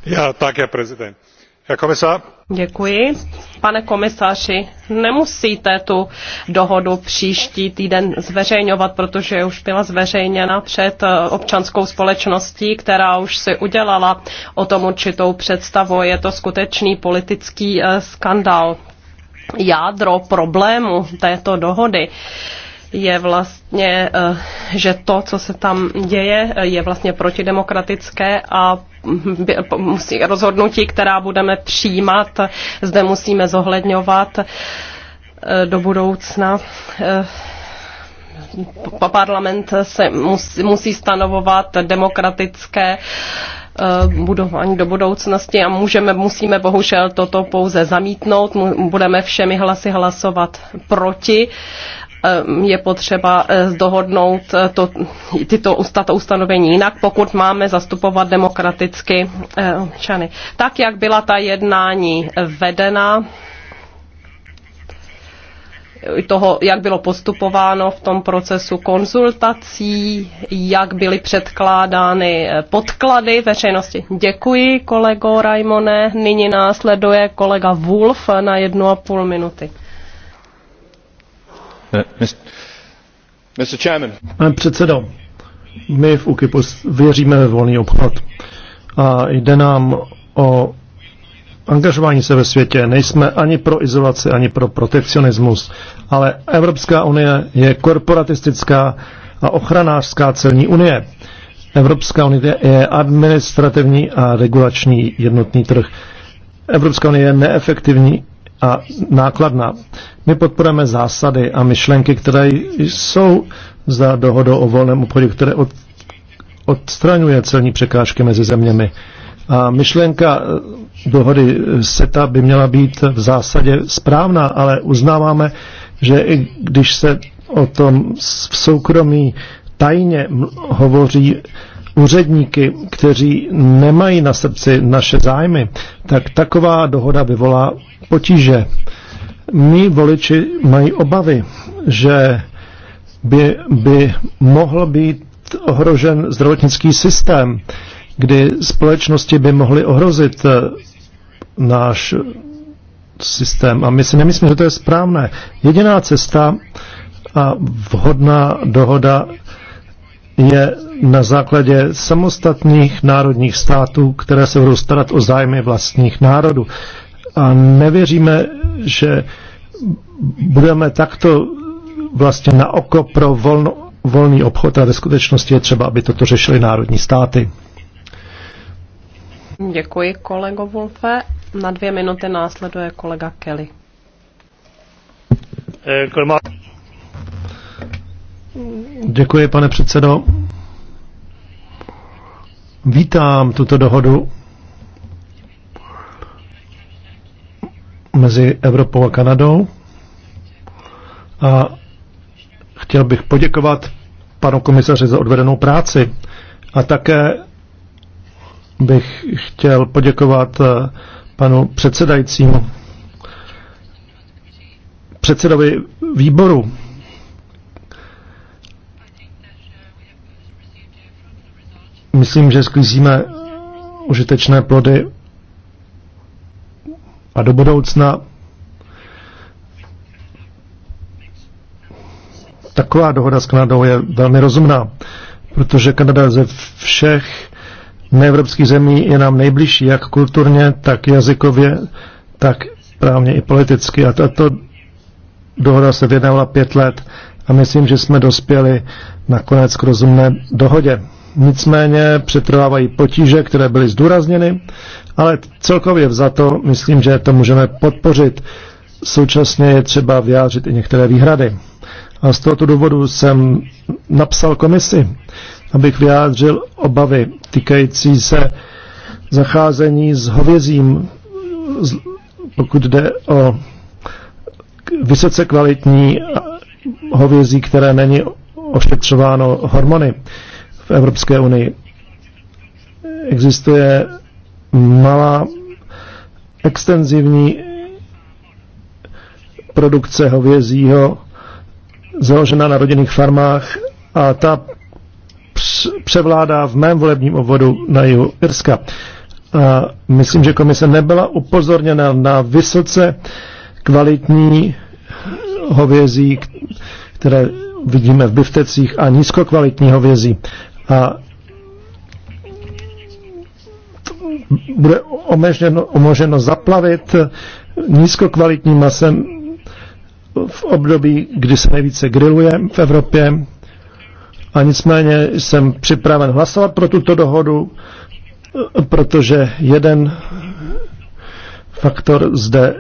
Já také, prezident Děkuji. Pane komisaři, nemusíte tu dohodu příští týden zveřejňovat, protože už byla zveřejněna před eh, občanskou společností, která už si udělala o tom určitou představu. Je to skutečný politický eh, skandál. Jádro problému této dohody je vlastně, eh, že to, co se tam děje, eh, je vlastně protidemokratické a eh, musí rozhodnutí, která budeme přijímat, zde musíme zohledňovat do budoucna parlament se musí, musí stanovovat demokratické budování do budoucnosti a můžeme, musíme bohužel toto pouze zamítnout, budeme všemi hlasy hlasovat proti Ehm, je potřeba eh, dohodnout eh, to, tyto tato ustanovení jinak, pokud máme zastupovat demokraticky eh, občany. Tak, jak byla ta jednání vedena, toho, jak bylo postupováno v tom procesu konzultací, jak byly předkládány podklady veřejnosti. Děkuji, kolego Raimone. Nyní následuje kolega Wolf na jednu a půl minuty. Eh, Pane předsedo, my v UKIPu věříme ve volný obchod a jde nám o angažování se ve světě. Nejsme ani pro izolaci, ani pro protekcionismus, ale Evropská unie je korporatistická a ochranářská celní unie. Evropská unie je administrativní a regulační jednotný trh. Evropská unie je neefektivní a nákladná. My podporujeme zásady a myšlenky, které jsou za dohodou o volném obchodě, které od, odstraňuje celní překážky mezi zeměmi. A myšlenka eh, dohody eh, SETA by měla být v zásadě správná, ale uznáváme, že i když se o tom v soukromí tajně hovoří úředníky, kteří nemají na srdci naše zájmy, tak taková dohoda vyvolá potíže. Mí voliči mají obavy, že by, by mohl být ohrožen zdravotnický systém, kdy společnosti by mohly ohrozit eh, náš systém. A my si nemyslíme, že to je správné. Jediná cesta a vhodná dohoda je na základě samostatných národních států, které se budou starat o zájmy vlastních národů a nevěříme, že budeme takto vlastně na oko pro volno, volný obchod a ve skutečnosti je třeba, aby toto řešili národní státy. Děkuji kolego Wolfe. Na dvě minuty následuje kolega Kelly. Děkuji, pane předsedo. Vítám tuto dohodu mezi Evropou a Kanadou. A chtěl bych poděkovat panu komisaři za odvedenou práci a také bych chtěl poděkovat eh, panu předsedajícímu, předsedovi výboru. Myslím, že sklízíme užitečné plody a do budoucna taková dohoda s Kanadou je velmi rozumná, protože Kanada ze všech neevropských zemí je nám nejbližší, jak kulturně, tak jazykově, tak právně i politicky. A tato dohoda se vyjednávala pět let a myslím, že jsme dospěli nakonec k rozumné dohodě. Nicméně přetrvávají potíže, které byly zdůrazněny, ale celkově vzato myslím, že to můžeme podpořit. Současně je třeba vyjádřit i některé výhrady. A z tohoto důvodu jsem napsal komisi, abych vyjádřil obavy týkající se zacházení s hovězím, pokud jde o vysoce kvalitní hovězí, které není ošetřováno hormony v Evropské unii. Existuje malá extenzivní produkce hovězího založená na rodinných farmách a ta převládá v mém volebním obvodu na jihu Irska. A myslím, že komise nebyla upozorněna na vysoce kvalitní hovězí, které vidíme v biftecích a nízkokvalitní hovězí a bude omeženo, omoženo zaplavit nízkokvalitním masem v období, kdy se nejvíce grilluje v Evropě. A nicméně jsem připraven hlasovat pro tuto dohodu, protože jeden faktor zde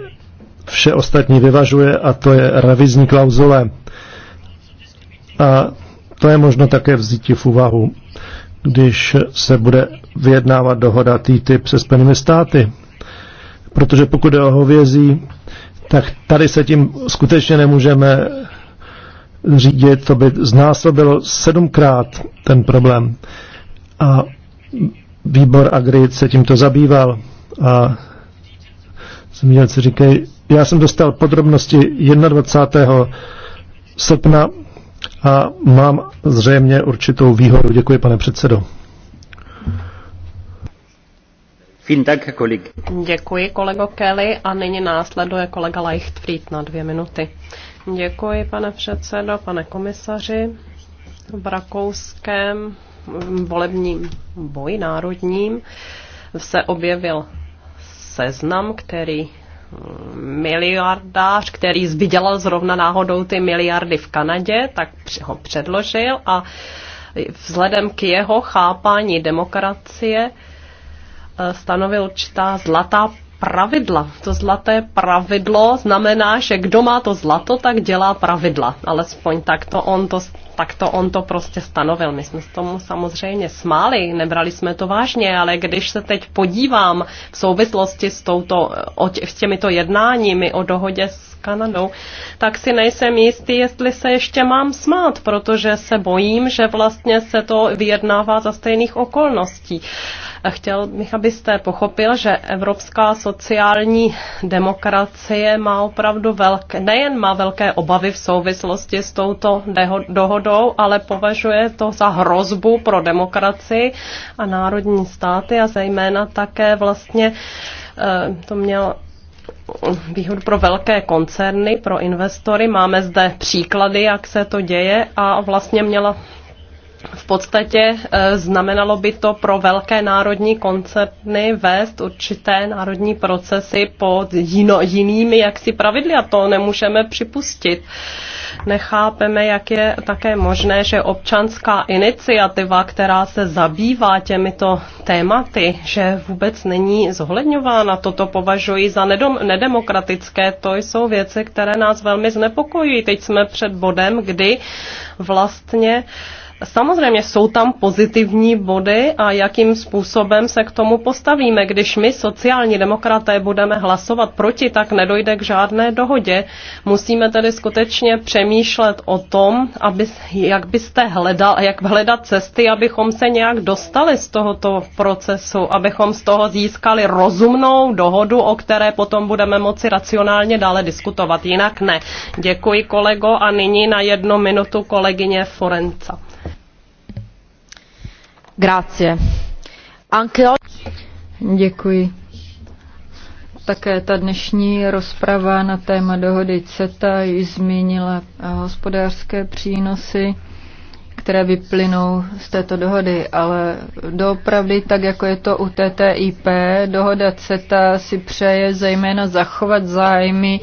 vše ostatní vyvažuje a to je revizní klauzule. A to je možno také vzít v úvahu, když se bude vyjednávat dohoda TTIP se Spojenými státy. Protože pokud je o hovězí, tak tady se tím skutečně nemůžeme řídit, to by znásobilo sedmkrát ten problém. A výbor Agri se tímto zabýval a zemědělci říkají, já jsem dostal podrobnosti 21. srpna a mám zřejmě určitou výhodu. Děkuji, pane předsedo. Děkuji, kolego Kelly. A nyní následuje kolega Leichtfried na dvě minuty. Děkuji, pane předsedo, pane komisaři. V rakouském volebním boji národním se objevil seznam, který miliardář, který vydělal zrovna náhodou ty miliardy v Kanadě, tak ho předložil a vzhledem k jeho chápání demokracie eh, stanovil určitá zlatá pravidla. To zlaté pravidlo znamená, že kdo má to zlato, tak dělá pravidla. Alespoň tak to on to tak to on to prostě stanovil. My jsme s tomu samozřejmě smáli, nebrali jsme to vážně, ale když se teď podívám v souvislosti s, touto, s těmito jednáními o dohodě s Kanadou, tak si nejsem jistý, jestli se ještě mám smát, protože se bojím, že vlastně se to vyjednává za stejných okolností. A chtěl bych, abyste pochopil, že evropská sociální demokracie má opravdu velké, nejen má velké obavy v souvislosti s touto dohodou, svobodou, ale považuje to za hrozbu pro demokracii a národní státy a zejména také vlastně eh, to měl výhodu pro velké koncerny, pro investory. Máme zde příklady, jak se to děje a vlastně měla podstatě eh, znamenalo by to pro velké národní koncerny vést určité národní procesy pod jino, jinými jaksi pravidly a to nemůžeme připustit. Nechápeme, jak je také možné, že občanská iniciativa, která se zabývá těmito tématy, že vůbec není zohledňována. Toto považuji za nedom, nedemokratické. To jsou věci, které nás velmi znepokojují. Teď jsme před bodem, kdy vlastně uh, Samozřejmě jsou tam pozitivní body a jakým způsobem se k tomu postavíme. Když my, sociální demokraté, budeme hlasovat proti, tak nedojde k žádné dohodě. Musíme tedy skutečně přemýšlet o tom, aby, jak byste hledal, jak hledat cesty, abychom se nějak dostali z tohoto procesu, abychom z toho získali rozumnou dohodu, o které potom budeme moci racionálně dále diskutovat. Jinak ne. Děkuji kolego a nyní na jednu minutu kolegyně Forenca. Děkuji. Také ta dnešní rozprava na téma dohody CETA ji zmínila eh, hospodářské přínosy, které vyplynou z této dohody, ale doopravdy, tak jako je to u TTIP, dohoda CETA si přeje zejména zachovat zájmy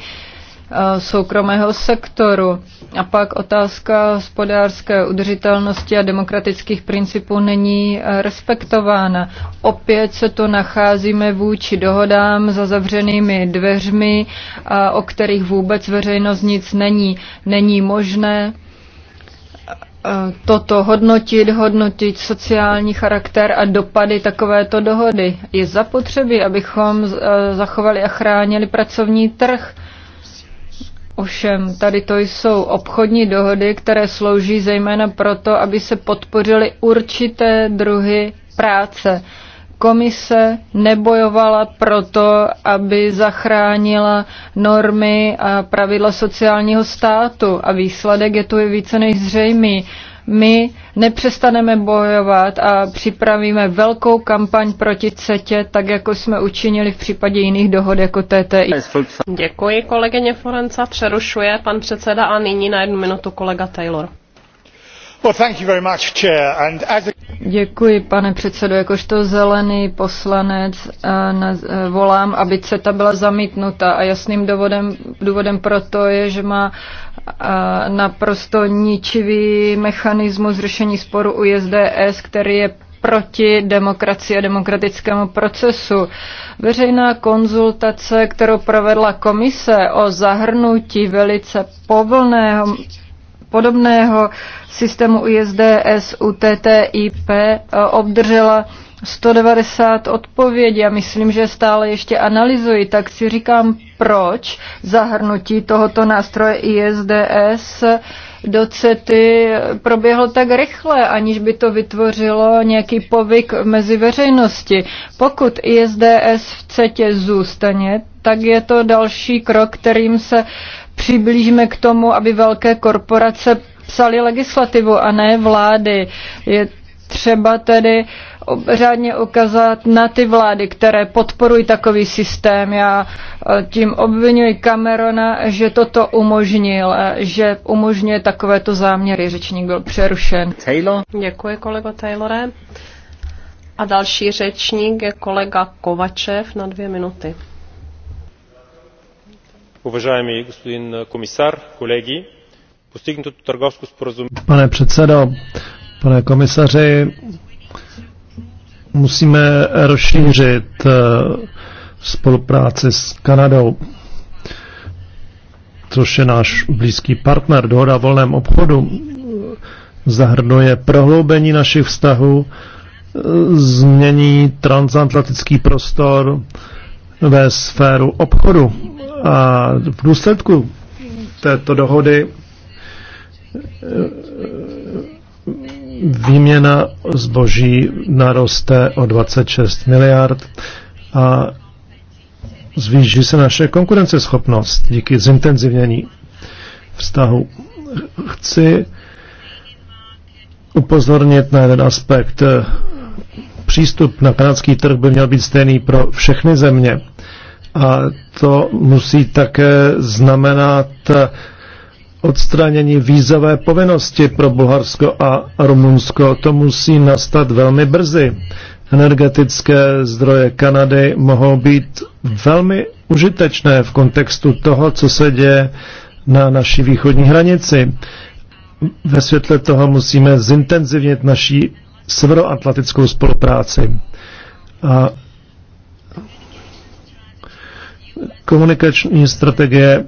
Eh, soukromého sektoru. A pak otázka hospodářské udržitelnosti a demokratických principů není eh, respektována. Opět se tu nacházíme vůči dohodám za zavřenými dveřmi, o kterých vůbec veřejnost nic není. Není možné eh, toto hodnotit, hodnotit sociální charakter a dopady takovéto dohody. Je zapotřebí, abychom zachovali a chránili pracovní trh Ovšem, tady to jsou obchodní dohody, které slouží zejména proto, aby se podpořily určité druhy práce. Komise nebojovala proto, aby zachránila normy a pravidla sociálního státu a výsledek je tu i více než zřejmý. My nepřestaneme bojovat a připravíme velkou kampaň proti CETě, tak jako jsme učinili v případě jiných dohod jako TTI. Děkuji kolegyně Florenca, přerušuje pan předseda a nyní na jednu minutu kolega Taylor. Děkuji, pane předsedo. Jakožto zelený poslanec eh, eh, volám, aby CETA byla zamítnuta a jasným důvodem, důvodem proto je, že má eh, naprosto ničivý mechanismus řešení sporu u SDS, který je proti demokracii a demokratickému procesu. Veřejná konzultace, kterou provedla komise o zahrnutí velice povolného podobného systému ISDS u TTIP eh, obdržela 190 odpovědí a myslím, že stále ještě analyzuji, tak si říkám, proč zahrnutí tohoto nástroje ISDS do CETY proběhlo tak rychle, aniž by to vytvořilo nějaký povyk mezi veřejnosti. Pokud ISDS v CETě zůstane, tak je to další krok, kterým se přiblížíme k tomu, aby velké korporace psali legislativu a ne vlády. Je třeba tedy řádně ukázat na ty vlády, které podporují takový systém. Já e, tím obvinuji Camerona, že toto umožnil, že umožňuje takovéto záměry. Řečník byl přerušen. Taylor. Děkuji, kolego Taylore. A další řečník je kolega Kovačev na dvě minuty. Pane předsedo, pane komisaři, musíme rozšířit eh, spolupráci s Kanadou, což je náš blízký partner. Dohoda o volném obchodu eh, zahrnuje prohloubení našich vztahů, eh, změní transatlantický prostor, ve sféru obchodu. A v důsledku této dohody eh, výměna zboží naroste o 26 miliard a zvýší se naše konkurenceschopnost díky zintenzivnění vztahu. Chci upozornit na jeden aspekt přístup na kanadský trh by měl být stejný pro všechny země. A to musí také znamenat odstranění vízové povinnosti pro Bulharsko a Rumunsko. To musí nastat velmi brzy. Energetické zdroje Kanady mohou být velmi užitečné v kontextu toho, co se děje na naší východní hranici. Ve světle toho musíme zintenzivnit naší severoatlantickou spolupráci. A komunikační strategie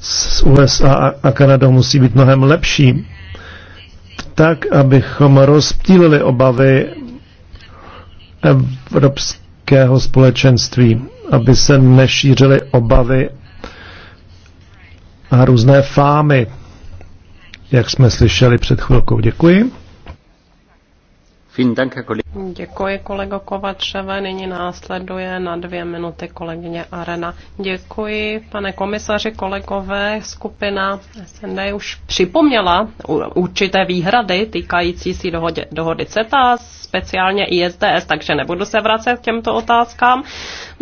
s USA a Kanadou musí být mnohem lepší, tak, abychom rozptýlili obavy evropského společenství, aby se nešířily obavy a různé fámy, jak jsme slyšeli před chvilkou. Děkuji. Děkuji, kolego Kovačeve. Nyní následuje na dvě minuty kolegyně Arena. Děkuji, pane komisaři, kolegové. Skupina SND už připomněla určité výhrady týkající si dohody CETA, speciálně ISDS, takže nebudu se vracet k těmto otázkám.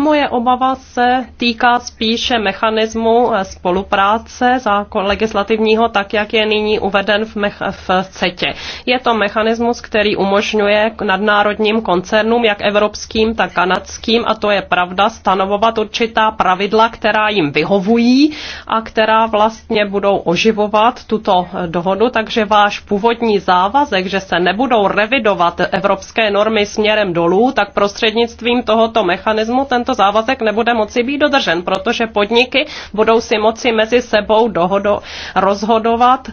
Moje obava se týká spíše mechanismu eh, spolupráce zákon legislativního, tak jak je nyní uveden v, mech- v CETě. Je to mechanismus, který umožňuje nadnárodním koncernům, jak evropským, tak kanadským, a to je pravda, stanovovat určitá pravidla, která jim vyhovují a která vlastně budou oživovat tuto eh, dohodu. Takže váš původní závazek, že se nebudou revidovat evropské normy směrem dolů, tak prostřednictvím tohoto mechanismu tento tento závazek nebude moci být dodržen, protože podniky budou si moci mezi sebou dohodo, rozhodovat,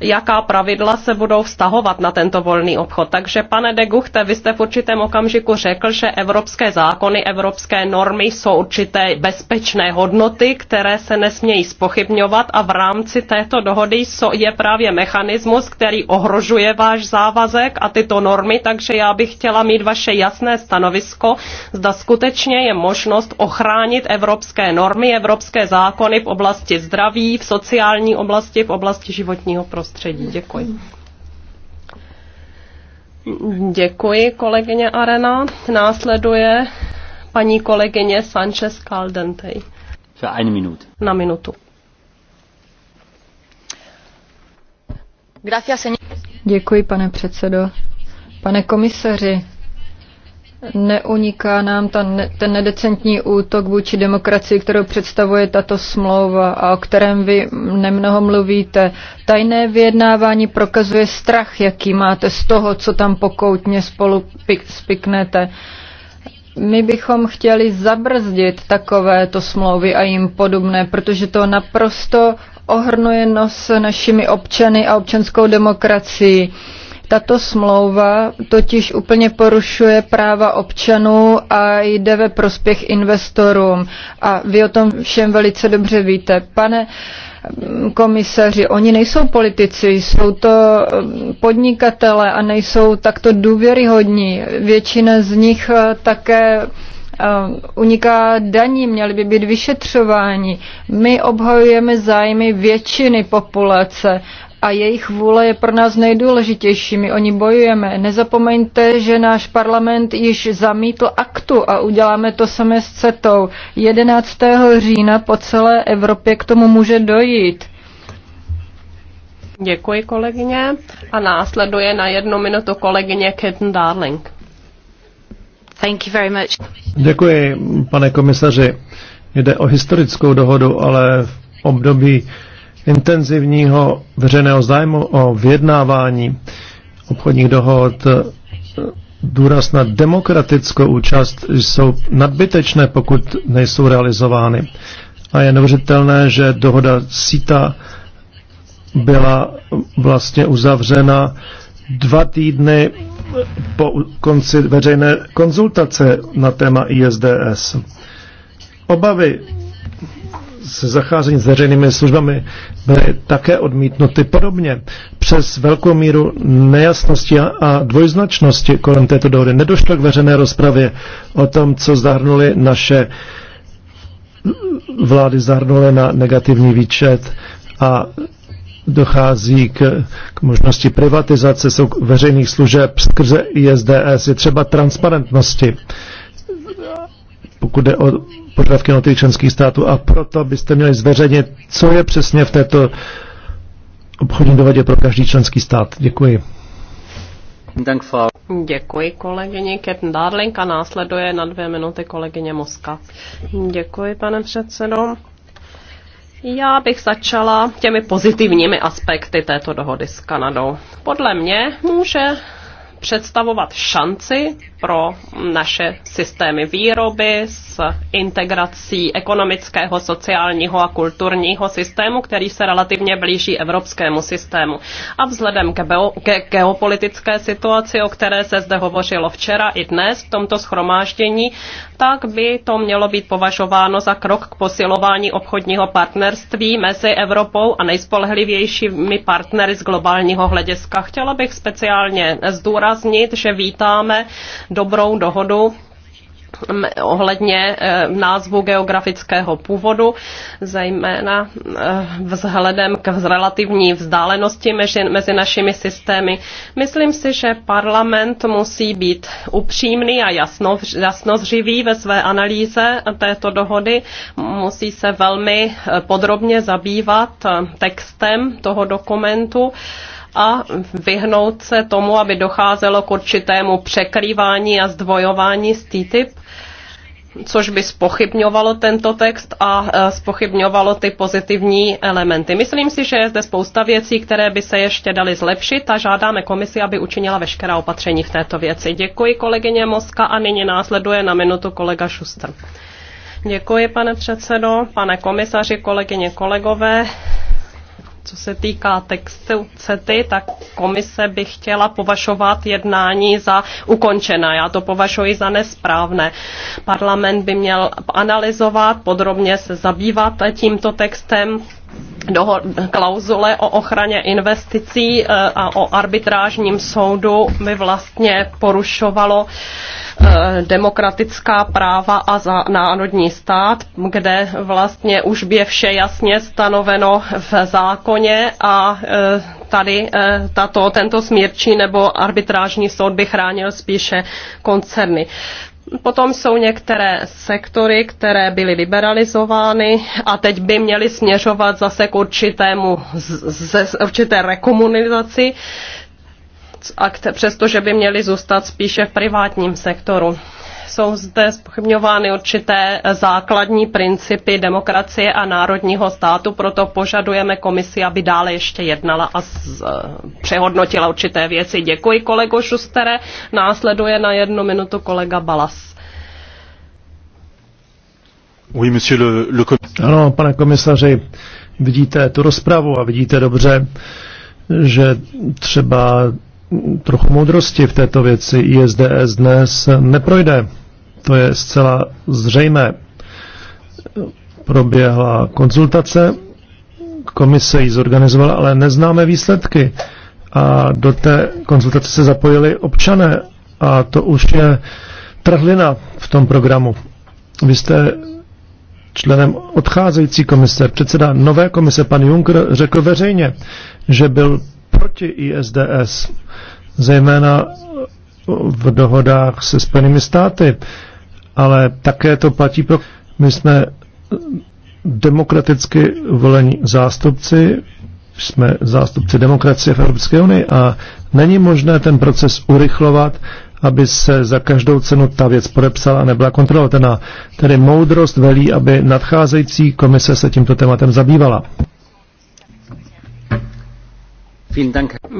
jaká pravidla se budou vztahovat na tento volný obchod. Takže pane de Guchte, vy jste v určitém okamžiku řekl, že evropské zákony, evropské normy jsou určité bezpečné hodnoty, které se nesmějí spochybňovat a v rámci této dohody je právě mechanismus, který ohrožuje váš závazek a tyto normy, takže já bych chtěla mít vaše jasné stanovisko, zda skutečně je možné možnost ochránit evropské normy, evropské zákony v oblasti zdraví, v sociální oblasti, v oblasti životního prostředí. Děkuji. Děkuji, kolegyně Arena. Následuje paní kolegyně Sanchez Caldentej. Na minutu. Děkuji, pane předsedo. Pane komisaři, Neuniká nám ta, ten nedecentní útok vůči demokracii, kterou představuje tato smlouva a o kterém vy nemnoho mluvíte. Tajné vyjednávání prokazuje strach, jaký máte z toho, co tam pokoutně spolu pik, spiknete. My bychom chtěli zabrzdit takovéto smlouvy a jim podobné, protože to naprosto ohrnuje nos našimi občany a občanskou demokracii. Tato smlouva totiž úplně porušuje práva občanů a jde ve prospěch investorům. A vy o tom všem velice dobře víte. Pane mm, komisaři, oni nejsou politici, jsou to mm, podnikatele a nejsou takto důvěryhodní. Většina z nich eh, také eh, uniká daní, měly by být vyšetřování. My obhajujeme zájmy většiny populace a jejich vůle je pro nás nejdůležitější. My o ní bojujeme. Nezapomeňte, že náš parlament již zamítl aktu a uděláme to samé s CETou. 11. října po celé Evropě k tomu může dojít. Děkuji kolegyně a následuje na jednu minutu kolegyně Ketten Darling. Thank you very much. Děkuji, pane komisaři. Jde o historickou dohodu, ale v období intenzivního veřejného zájmu o vyjednávání obchodních dohod, důraz na demokratickou účast jsou nadbytečné, pokud nejsou realizovány. A je neuvěřitelné, že dohoda sita byla vlastně uzavřena dva týdny po konci veřejné konzultace na téma ISDS. Obavy se zacházení s veřejnými službami byly také odmítnuty podobně. Přes velkou míru nejasnosti a dvojznačnosti kolem této dohody nedošlo k veřejné rozpravě o tom, co zahrnuli naše vlády zahrnuli na negativní výčet a dochází k, k možnosti privatizace veřejných služeb skrze ISDS. Je třeba transparentnosti pokud jde o požadavky jednotlivých členských států a proto byste měli zveřejnit, co je přesně v této obchodní dohodě pro každý členský stát. Děkuji. Děkuji kolegyně Ketn Darling a následuje na dvě minuty kolegyně Moska. Děkuji, pane předsedo. Já bych začala těmi pozitivními aspekty této dohody s Kanadou. Podle mě může představovat šanci pro naše systémy výroby s integrací ekonomického, sociálního a kulturního systému, který se relativně blíží evropskému systému. A vzhledem ke, ke geopolitické situaci, o které se zde hovořilo včera i dnes v tomto schromáždění, tak by to mělo být považováno za krok k posilování obchodního partnerství mezi Evropou a nejspolehlivějšími partnery z globálního hlediska. Chtěla bych speciálně zdůraznit, zdůraznit, že vítáme dobrou dohodu ohledně e, názvu geografického původu, zejména e, vzhledem k relativní vzdálenosti mezi, mezi našimi systémy. Myslím si, že parlament musí být upřímný a jasno, jasnozřivý ve své analýze této dohody. Musí se velmi e, podrobně zabývat textem toho dokumentu a vyhnout se tomu, aby docházelo k určitému překrývání a zdvojování z TTIP, což by spochybňovalo tento text a e, spochybňovalo ty pozitivní elementy. Myslím si, že je zde spousta věcí, které by se ještě daly zlepšit a žádáme komisi, aby učinila veškerá opatření v této věci. Děkuji kolegyně Moska a nyní následuje na minutu kolega Šuster. Děkuji, pane předsedo, pane komisaři, kolegyně, kolegové. Co se týká textu CETY, tak komise by chtěla považovat jednání za ukončené. Já to považuji za nesprávné. Parlament by měl analyzovat, podrobně se zabývat tímto textem doho- klauzule o ochraně investicí eh, a o arbitrážním soudu by vlastně porušovalo eh, demokratická práva a za národní stát, kde vlastně už je vše jasně stanoveno v zákoně a eh, tady tato, tento smírčí nebo arbitrážní soud by chránil spíše koncerny. Potom jsou některé sektory, které byly liberalizovány a teď by měly směřovat zase k určitému, z, z, určité rekomunizaci, a přestože by měly zůstat spíše v privátním sektoru jsou zde spochybňovány určité základní principy demokracie a národního státu, proto požadujeme komisi, aby dále ještě jednala a z, e, přehodnotila určité věci. Děkuji kolego Šustere. Následuje na jednu minutu kolega Balas. Oui, monsieur le, le... Ano, pane komisaři, vidíte tu rozpravu a vidíte dobře, že třeba trochu moudrosti v této věci. ISDS dnes neprojde. To je zcela zřejmé. Proběhla konzultace, komise ji zorganizovala, ale neznáme výsledky. A do té konzultace se zapojili občané a to už je trhlina v tom programu. Vy jste členem odcházející komise, předseda nové komise, pan Juncker, řekl veřejně, že byl proti ISDS, zejména v dohodách se Spojenými státy, ale také to platí pro... My jsme demokraticky volení zástupci, jsme zástupci demokracie v Evropské unii a není možné ten proces urychlovat, aby se za každou cenu ta věc podepsala a nebyla kontrolovatelná. Tedy moudrost velí, aby nadcházející komise se tímto tématem zabývala.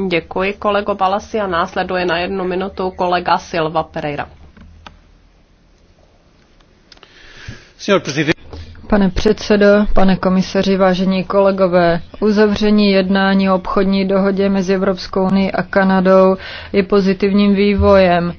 Děkuji kolego Balasi a následuje na jednu minutu kolega Silva Pereira. Pane předsedo, pane komisaři, vážení kolegové, uzavření jednání o obchodní dohodě mezi Evropskou unii a Kanadou je pozitivním vývojem.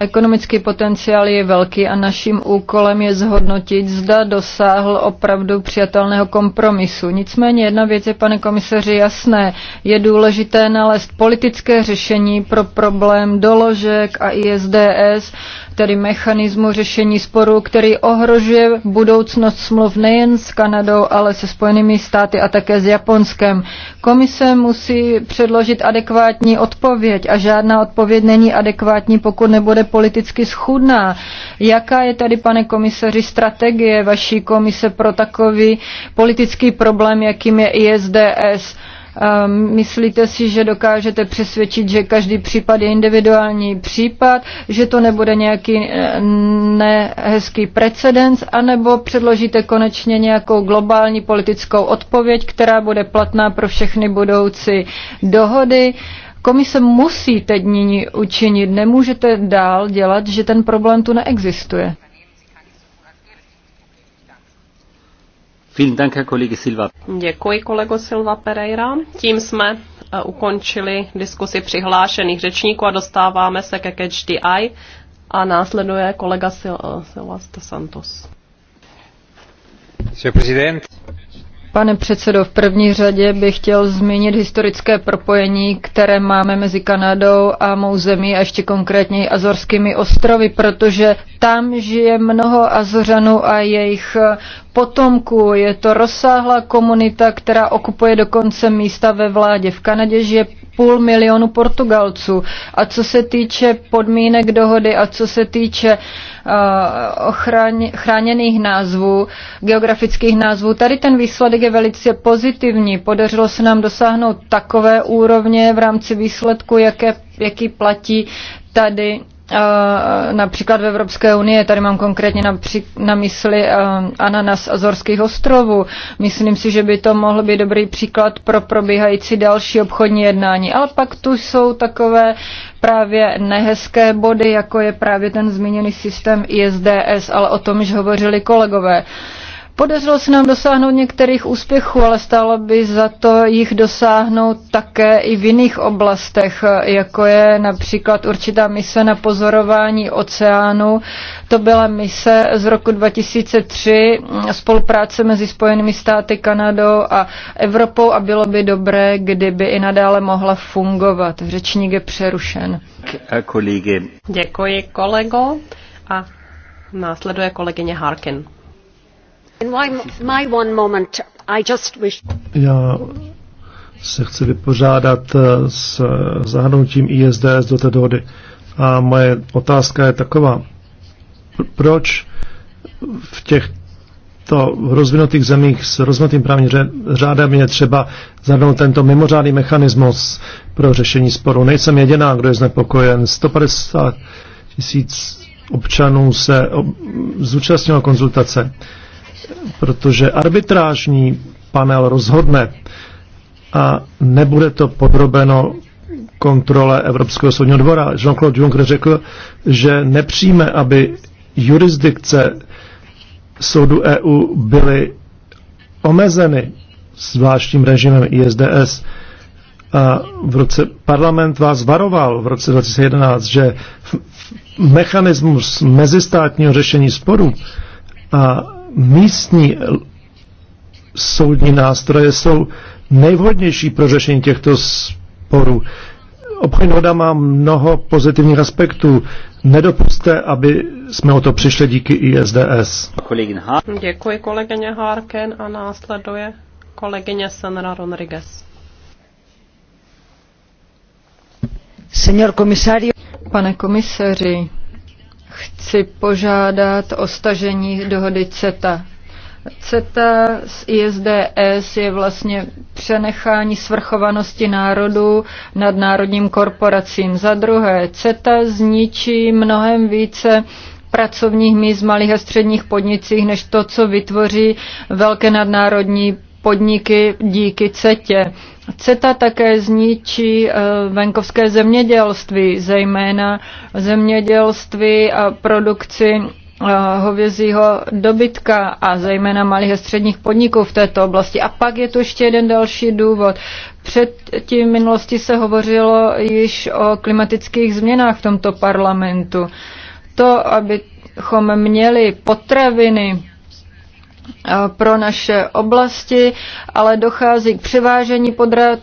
Ekonomický potenciál je velký a naším úkolem je zhodnotit, zda dosáhl opravdu přijatelného kompromisu. Nicméně jedna věc je, pane komisaři, jasné. Je důležité nalézt politické řešení pro problém doložek a ISDS, tedy mechanismu řešení sporů, který ohrožuje budoucnost smluv nejen s Kanadou, ale se Spojenými státy a také s Japonskem. Komise musí předložit adekvátní odpověď a žádná odpověď není adekvátní, pokud nebude bude politicky schudná. Jaká je tady, pane komisaři, strategie vaší komise pro takový politický problém, jakým je ISDS? Ehm, myslíte si, že dokážete přesvědčit, že každý případ je individuální případ, že to nebude nějaký eh, nehezký precedens, anebo předložíte konečně nějakou globální politickou odpověď, která bude platná pro všechny budoucí dohody? Komise musí teď nyní učinit. Nemůžete dál dělat, že ten problém tu neexistuje. Děkuji, kolego Silva Pereira. Tím jsme eh, ukončili diskusi přihlášených řečníků a dostáváme se ke Catch the Eye a následuje kolega eh, Silva Santos. Senhor Pane předsedo, v první řadě bych chtěl zmínit historické propojení, které máme mezi Kanadou a mou zemí a ještě konkrétně Azorskými ostrovy, protože tam žije mnoho Azořanů a jejich eh, potomků. Je to rozsáhlá komunita, která okupuje dokonce místa ve vládě. V Kanadě žije půl milionu Portugalců. A co se týče podmínek dohody a co se týče uh, eh, ochraň, chráněných názvů, geografických názvů, tady ten výsledek je velice pozitivní. Podařilo se nám dosáhnout takové úrovně v rámci výsledku, jaké, jaký platí tady například v Evropské unii, tady mám konkrétně na, při, na mysli ananas Azorských ostrovů. Myslím si, že by to mohl být dobrý příklad pro probíhající další obchodní jednání. Ale pak tu jsou takové právě nehezké body, jako je právě ten zmíněný systém ISDS, ale o tom již hovořili kolegové. Uh, Podařilo se nám dosáhnout některých úspěchů, ale stálo by za to jich dosáhnout také i v jiných oblastech, jako je například určitá mise na pozorování oceánu. To byla mise z roku 2003, spolupráce mezi Spojenými státy, Kanadou a Evropou a bylo by dobré, kdyby i nadále mohla fungovat. Řečník je přerušen. Děkuji kolego a následuje kolegyně Harkin. Já se chci vypořádat eh, s eh, zahrnutím ISDS do té dohody. A moje otázka je taková. Proč v těchto rozvinutých zemích s rozvinutým právním řádem je třeba zahrnout tento mimořádný mechanismus pro řešení sporu? Nejsem jediná, kdo je znepokojen. 150 tisíc občanů se zúčastnilo konzultace protože arbitrážní panel rozhodne a nebude to podrobeno kontrole Evropského soudního dvora. Jean-Claude Juncker řekl, že nepřijme, aby jurisdikce soudu EU byly omezeny zvláštním režimem ISDS. A v roce, parlament vás varoval v roce 2011, že mechanismus mezistátního řešení sporů a místní soudní nástroje jsou nejvhodnější pro řešení těchto sporů. Obchodní dohoda má mnoho pozitivních aspektů. Nedopuste, aby jsme o to přišli díky ISDS. Děkuji kolegyně Harken a následuje kolegyně Senra Rodriguez. Pane komisaři, chci požádat o stažení dohody CETA. CETA s ISDS je vlastně přenechání svrchovanosti národů nad národním korporacím. Za druhé, CETA zničí mnohem více pracovních míst v malých a středních podnicích, než to, co vytvoří velké nadnárodní podniky díky CETě. CETA také zničí eh, venkovské zemědělství, zejména zemědělství a produkci eh, hovězího dobytka a zejména malých a středních podniků v této oblasti. A pak je tu ještě jeden další důvod. Před tím minulosti se hovořilo již o klimatických změnách v tomto parlamentu. To, abychom měli potraviny, pro naše oblasti, ale dochází k převážení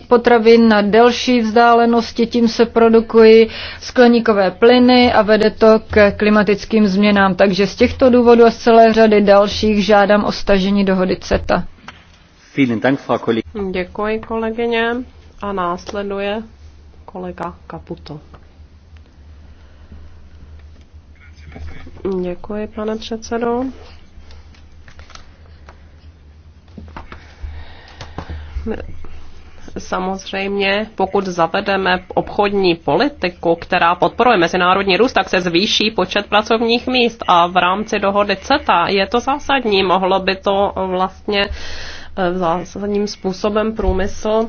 potravin na delší vzdálenosti, tím se produkují skleníkové plyny a vede to k klimatickým změnám. Takže z těchto důvodů a z celé řady dalších žádám o stažení dohody CETA. Děkuji kolegyně a následuje kolega Kaputo. Děkuji, pane předsedo. samozřejmě, pokud zavedeme obchodní politiku, která podporuje mezinárodní růst, tak se zvýší počet pracovních míst a v rámci dohody CETA je to zásadní. Mohlo by to vlastně eh, zásadním způsobem průmysl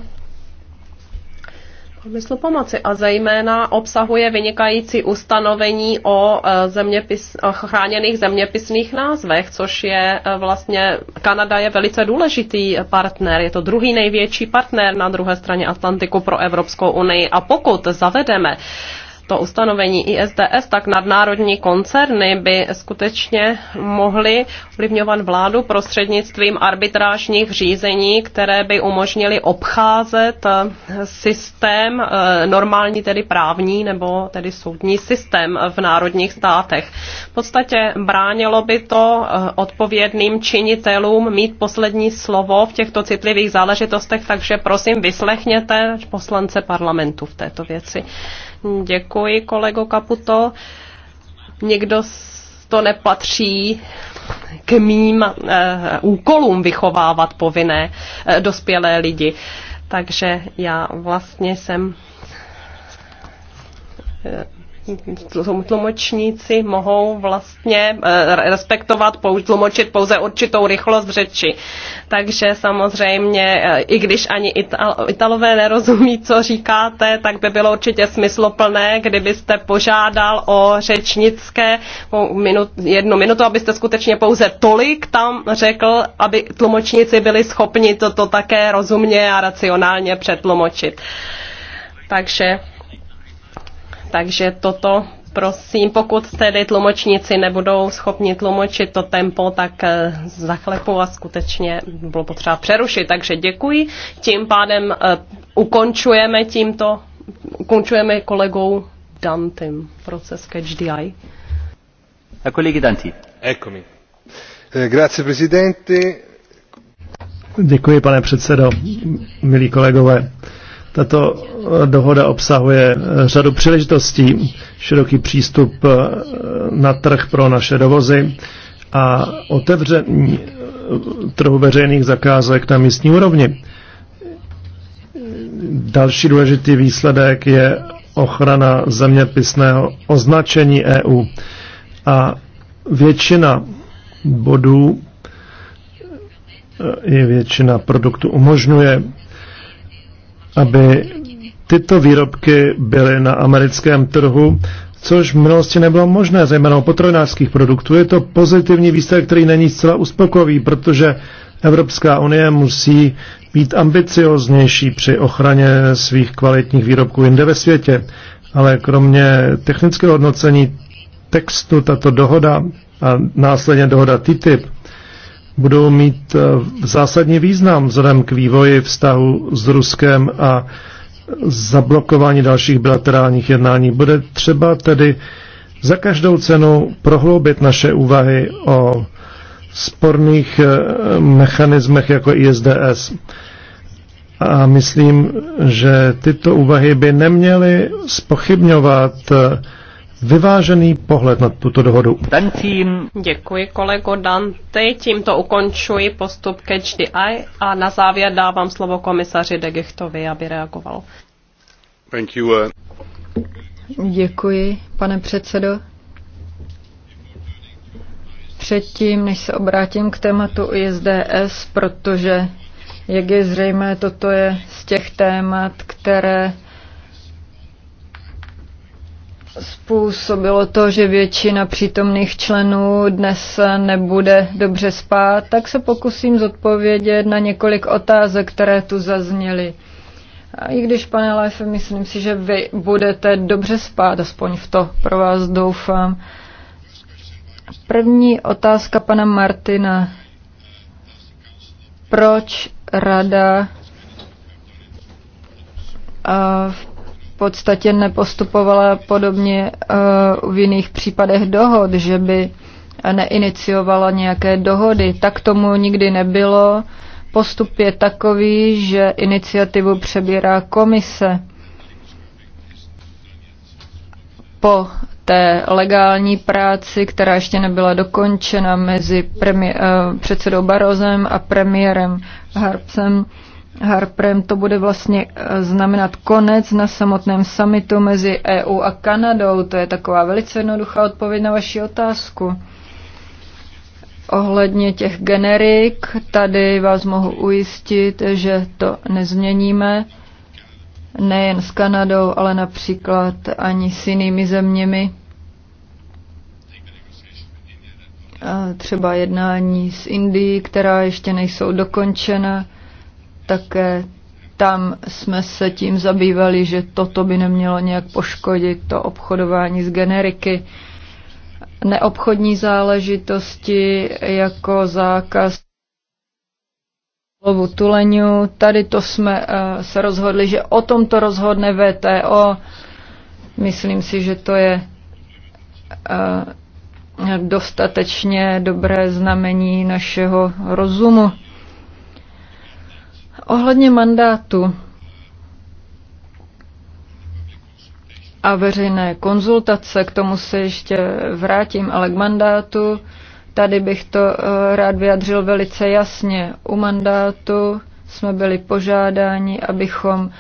průmyslu pomoci a zejména obsahuje vynikající ustanovení o, e, zeměpis, o chráněných zeměpisných názvech, což je e, vlastně, Kanada je velice důležitý partner, je to druhý největší partner na druhé straně Atlantiku pro Evropskou unii a pokud zavedeme to ustanovení ISDS, tak nadnárodní koncerny by skutečně mohly ovlivňovat vládu prostřednictvím arbitrážních řízení, které by umožnily obcházet eh, systém, eh, normální tedy právní nebo tedy soudní systém v národních státech. V podstatě bránilo by to eh, odpovědným činitelům mít poslední slovo v těchto citlivých záležitostech, takže prosím vyslechněte poslance parlamentu v této věci. Děkuji, kolego Kaputo. Někdo to nepatří k mým eh, úkolům vychovávat povinné eh, dospělé lidi. Takže já vlastně jsem eh, tlumočníci mohou vlastně eh, respektovat, tlumočit pouze určitou rychlost řeči. Takže samozřejmě, eh, i když ani Italové nerozumí, co říkáte, tak by bylo určitě smysloplné, kdybyste požádal o řečnické minut, jednu minutu, abyste skutečně pouze tolik tam řekl, aby tlumočníci byli schopni toto také rozumně a racionálně přetlumočit. Takže takže toto prosím, pokud tedy tlumočníci nebudou schopni tlumočit to tempo, tak eh, zachlepu a skutečně bylo potřeba přerušit. Takže děkuji. Tím pádem eh, ukončujeme tímto, ukončujeme kolegou Dantem proces Catch the Eye. A kolegy Danti. Eccomi. Eh, grazie presidente. Děkuji, pane předsedo, milí kolegové. Tato eh, dohoda obsahuje eh, řadu příležitostí, široký přístup eh, na trh pro naše dovozy a otevření trhu veřejných zakázek na místní úrovni. Další důležitý výsledek je ochrana zeměpisného označení EU. A většina bodů i většina produktů umožňuje aby tyto výrobky byly na americkém trhu, což v minulosti nebylo možné, zejména u potravinářských produktů. Je to pozitivní výsledek, který není zcela uspokojivý, protože Evropská unie musí být ambicioznější při ochraně svých kvalitních výrobků jinde ve světě. Ale kromě technického hodnocení textu tato dohoda a následně dohoda TTIP budou mít eh, zásadní význam vzhledem k vývoji vztahu s Ruskem a zablokování dalších bilaterálních jednání. Bude třeba tedy za každou cenu prohloubit naše úvahy o sporných eh, mechanismech jako ISDS. A myslím, že tyto úvahy by neměly spochybňovat eh, vyvážený pohled na tuto dohodu. Dancím. Děkuji kolego Dante, tímto ukončuji postup ke HDI a na závěr dávám slovo komisaři Degichtovi, aby reagoval. Thank you, uh... Děkuji, pane předsedo. Předtím, než se obrátím k tématu ISDS, protože, jak je zřejmé, toto je z těch témat, které způsobilo to, že většina přítomných členů dnes nebude dobře spát, tak se pokusím zodpovědět na několik otázek, které tu zazněly. A I když, pane Life, myslím si, že vy budete dobře spát, aspoň v to pro vás doufám. První otázka pana Martina. Proč rada v podstatě nepostupovala podobně eh, v jiných případech dohod, že by neiniciovala nějaké dohody. Tak tomu nikdy nebylo. Postup je takový, že iniciativu přebírá komise. Po té legální práci, která ještě nebyla dokončena mezi premi- eh, předsedou Barozem a premiérem Harpsem, Harprem to bude vlastně eh, znamenat konec na samotném summitu mezi EU a Kanadou. To je taková velice jednoduchá odpověď na vaši otázku. Ohledně těch generik, tady vás mohu ujistit, že to nezměníme nejen s Kanadou, ale například ani s jinými zeměmi. Třeba jednání s Indií, která ještě nejsou dokončena také tam jsme se tím zabývali, že toto by nemělo nějak poškodit to obchodování s generiky. Neobchodní záležitosti jako zákaz lovu tuleňů, tady to jsme eh, se rozhodli, že o tom to rozhodne VTO. Myslím si, že to je eh, dostatečně dobré znamení našeho rozumu. Ohledně mandátu a veřejné konzultace, k tomu se ještě vrátím, ale k mandátu, tady bych to eh, rád vyjadřil velice jasně. U mandátu jsme byli požádáni, abychom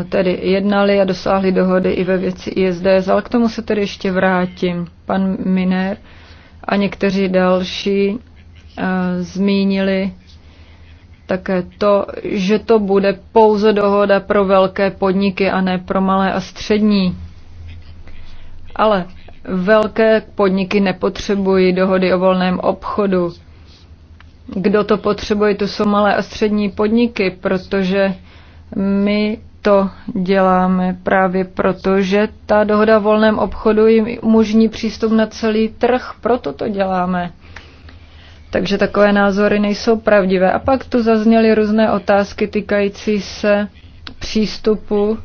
eh, tedy jednali a dosáhli dohody i ve věci ISDS, ale k tomu se tedy ještě vrátím. Pan Miner a někteří další eh, zmínili také to, že to bude pouze dohoda pro velké podniky a ne pro malé a střední. Ale velké podniky nepotřebují dohody o volném obchodu. Kdo to potřebuje, to jsou malé a střední podniky, protože my to děláme právě proto, že ta dohoda o volném obchodu jim umožní přístup na celý trh, proto to děláme. Takže takové názory nejsou pravdivé. A pak tu zazněly různé otázky týkající se přístupu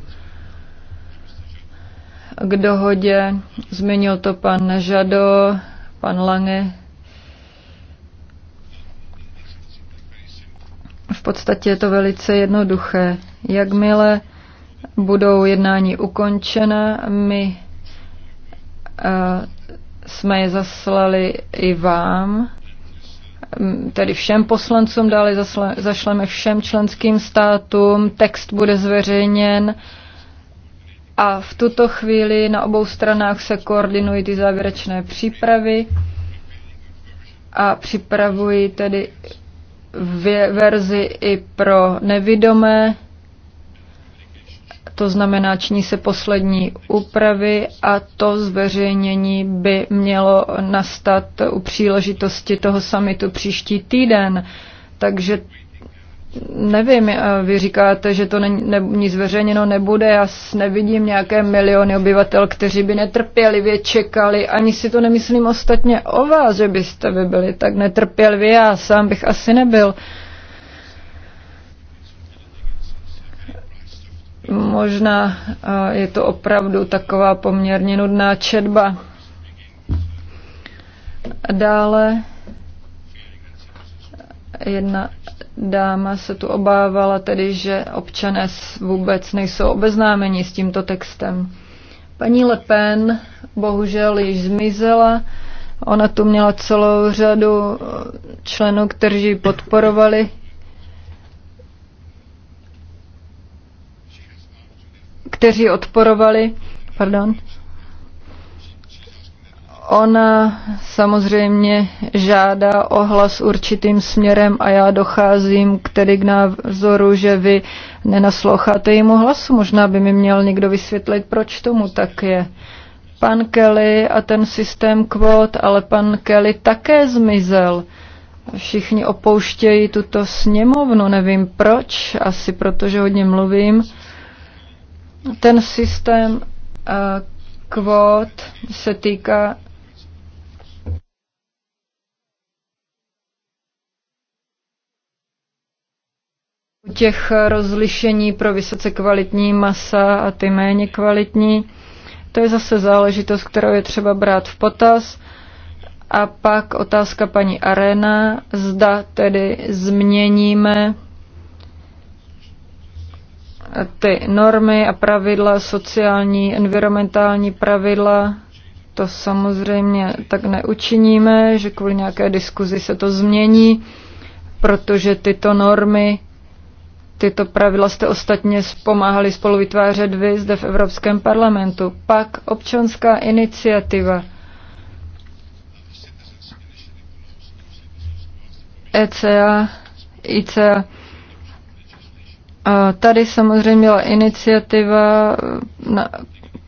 k dohodě. Zmínil to pan Žado, pan Lange. V podstatě je to velice jednoduché. Jakmile budou jednání ukončena, my eh, jsme je zaslali i vám tedy všem poslancům dále zasle, zašleme všem členským státům, text bude zveřejněn a v tuto chvíli na obou stranách se koordinují ty závěrečné přípravy a připravují tedy verzi i pro nevidomé to znamená, činí se poslední úpravy a to zveřejnění by mělo nastat u příležitosti toho samitu příští týden. Takže nevím, eh, vy říkáte, že to nic zveřejněno nebude, já nevidím nějaké miliony obyvatel, kteří by netrpělivě čekali, ani si to nemyslím ostatně o vás, že byste vy byli tak netrpělivě, já sám bych asi nebyl. Uh, Možná je to opravdu taková poměrně nudná četba. Dále jedna dáma se tu obávala tedy, že občané vůbec nejsou obeznámeni s tímto textem. Paní Le Pen bohužel již zmizela. Ona tu měla celou řadu e, členů, kteří podporovali kteří odporovali. Pardon. Ona samozřejmě žádá ohlas určitým směrem a já docházím k tedy k názoru, že vy nenasloucháte jemu hlasu. Možná by mi měl někdo vysvětlit, proč tomu tak je. Pan Kelly a ten systém kvót, ale pan Kelly také zmizel. Všichni opouštějí tuto sněmovnu, nevím proč, asi protože hodně mluvím. Ten systém eh, kvót se týká těch rozlišení pro vysoce kvalitní masa a ty méně kvalitní. To je zase záležitost, kterou je třeba brát v potaz. A pak otázka paní Arena, zda tedy změníme ty normy a pravidla, sociální, environmentální pravidla, to samozřejmě tak neučiníme, že kvůli nějaké diskuzi se to změní, protože tyto normy, tyto pravidla jste ostatně pomáhali spolu vytvářet vy zde v Evropském parlamentu. Pak občanská iniciativa. ECA, ICA a tady samozřejmě byla iniciativa na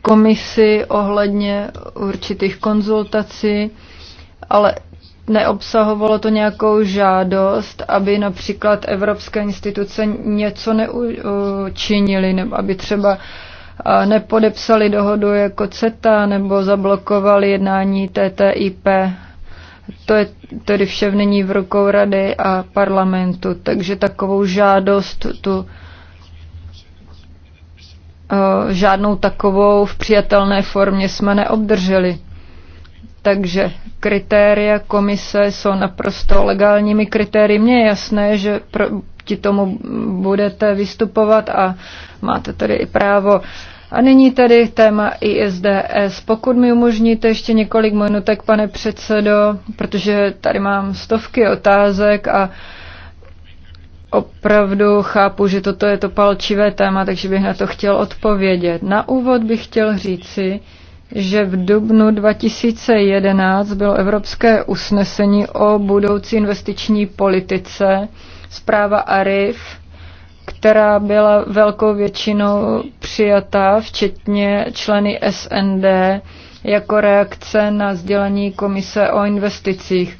komisi ohledně určitých konzultací, ale neobsahovalo to nějakou žádost, aby například evropské instituce něco neučinili, nebo aby třeba nepodepsali dohodu jako CETA nebo zablokovali jednání TTIP. To je tedy vše v nyní v rukou rady a parlamentu, takže takovou žádost tu Eh, žádnou takovou v přijatelné formě jsme neobdrželi. Takže kritéria komise jsou naprosto legálními kritérii. Mně je jasné, že ti tomu budete vystupovat a máte tady i právo. A nyní tedy téma ISDS. Pokud mi umožníte ještě několik minutek, pane předsedo, protože tady mám stovky otázek a uh, Opravdu chápu, že toto je to palčivé téma, takže bych na to chtěl odpovědět. Na úvod bych chtěl říci, že v dubnu 2011 bylo evropské usnesení o budoucí investiční politice, zpráva ARIF, která byla velkou většinou přijata, včetně členy SND, jako reakce na sdělení Komise o investicích.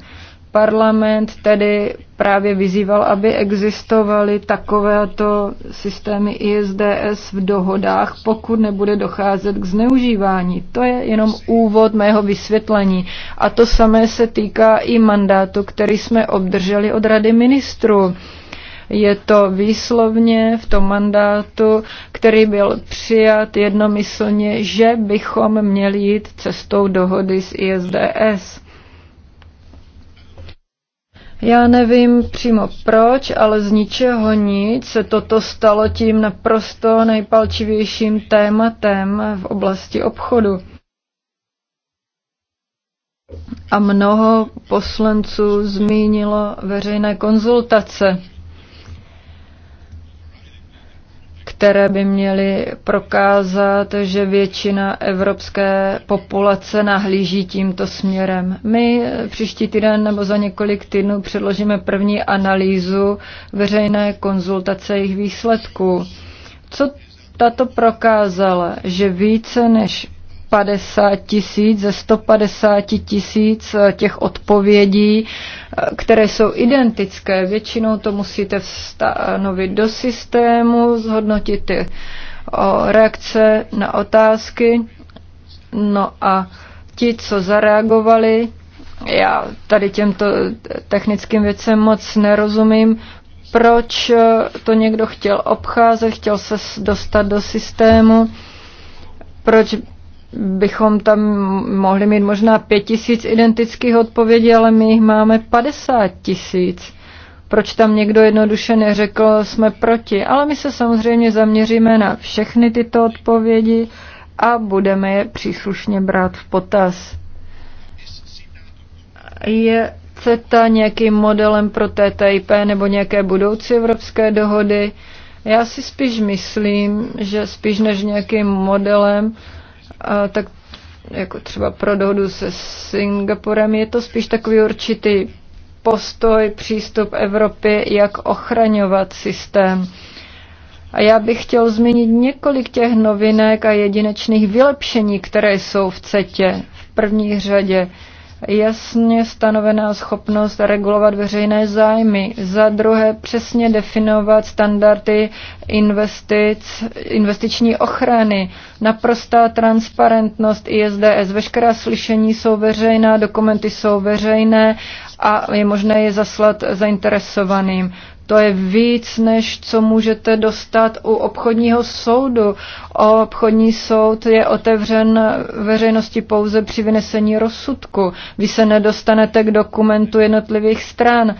Parlament tedy právě vyzýval, aby existovaly takovéto systémy ISDS v dohodách, pokud nebude docházet k zneužívání. To je jenom úvod mého vysvětlení. A to samé se týká i mandátu, který jsme obdrželi od Rady ministrů. Je to výslovně v tom mandátu, který byl přijat jednomyslně, že bychom měli jít cestou dohody s ISDS. Já nevím přímo proč, ale z ničeho nic se toto stalo tím naprosto nejpalčivějším tématem v oblasti obchodu. A mnoho poslanců zmínilo veřejné konzultace. které by měly prokázat, že většina evropské populace nahlíží tímto směrem. My příští týden nebo za několik týdnů předložíme první analýzu veřejné konzultace jejich výsledků. Co tato prokázala, že více než 50 tisíc ze 150 tisíc eh, těch odpovědí, eh, které jsou identické. Většinou to musíte vstanovit do systému, zhodnotit ty reakce na otázky. No a ti, co zareagovali, já tady těmto technickým věcem moc nerozumím, proč eh, to někdo chtěl obcházet, chtěl se dostat do systému, proč bychom tam mohli mít možná pět tisíc identických odpovědí, ale my jich máme 50 tisíc. Proč tam někdo jednoduše neřekl, jsme proti? Ale my se samozřejmě zaměříme na všechny tyto odpovědi a budeme je příslušně brát v potaz. Je CETA nějakým modelem pro TTIP nebo nějaké budoucí evropské dohody? Já si spíš myslím, že spíš než nějakým modelem, tak jako třeba pro dohodu se Singapurem, je to spíš takový určitý postoj, přístup Evropy, jak ochraňovat systém. A já bych chtěl zmínit několik těch novinek a jedinečných vylepšení, které jsou v CETě. V první řadě jasně stanovená schopnost regulovat veřejné zájmy, za druhé přesně definovat standardy investic, investiční ochrany, naprostá transparentnost ISDS, veškerá slyšení jsou veřejná, dokumenty jsou veřejné a je možné je zaslat zainteresovaným. To je víc, než co můžete dostat u obchodního soudu. O obchodní soud je otevřen veřejnosti pouze při vynesení rozsudku. Vy se nedostanete k dokumentu jednotlivých stran.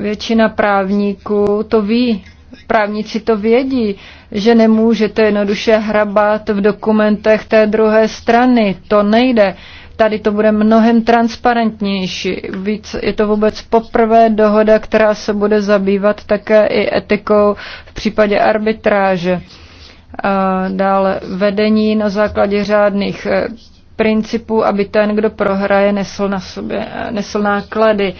Většina právníků to ví, právníci to vědí, že nemůžete jednoduše hrabat v dokumentech té druhé strany. To nejde. Tady to bude mnohem transparentnější. Víc, je to vůbec poprvé dohoda, která se bude zabývat také i etikou v případě arbitráže. A dále vedení na základě řádných eh, principů, aby ten, kdo prohraje, nesl na sobě, eh, nesl náklady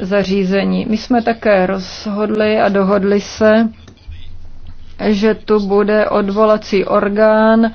zařízení. My jsme také rozhodli a dohodli se, že tu bude odvolací orgán,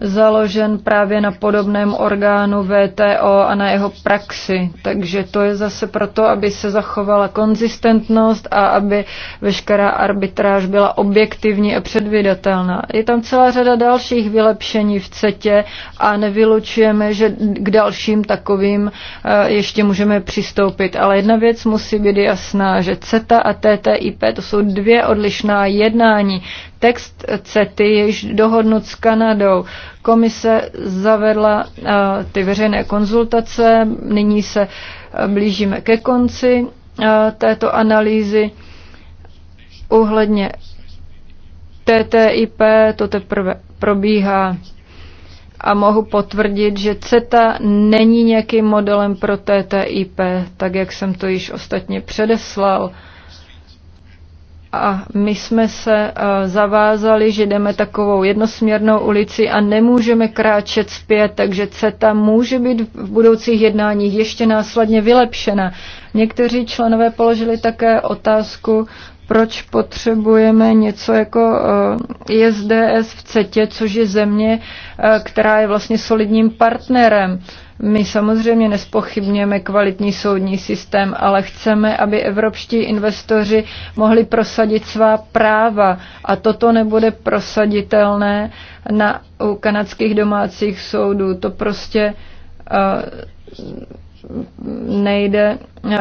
založen právě na podobném orgánu VTO a na jeho praxi. Takže to je zase proto, aby se zachovala konzistentnost a aby veškerá arbitráž byla objektivní a předvydatelná. Je tam celá řada dalších vylepšení v CETě a nevylučujeme, že k dalším takovým eh, ještě můžeme přistoupit. Ale jedna věc musí být jasná, že CETA a TTIP to jsou dvě odlišná jednání. Text CETY je již dohodnut s Kanadou. Komise zavedla eh, ty veřejné konzultace, nyní se eh, blížíme ke konci eh, této analýzy. Uhledně TTIP to teprve probíhá a mohu potvrdit, že CETA není nějakým modelem pro TTIP, tak jak jsem to již ostatně předeslal a my jsme se eh, zavázali, že jdeme takovou jednosměrnou ulici a nemůžeme kráčet zpět, takže CETA může být v budoucích jednáních ještě následně vylepšena. Někteří členové položili také otázku, proč potřebujeme něco jako eh, ISDS v CETě, což je země, eh, která je vlastně solidním partnerem. My samozřejmě nespochybněme kvalitní soudní systém, ale chceme, aby evropští investoři mohli prosadit svá práva a toto nebude prosaditelné na, u kanadských domácích soudů. To prostě uh, nejde.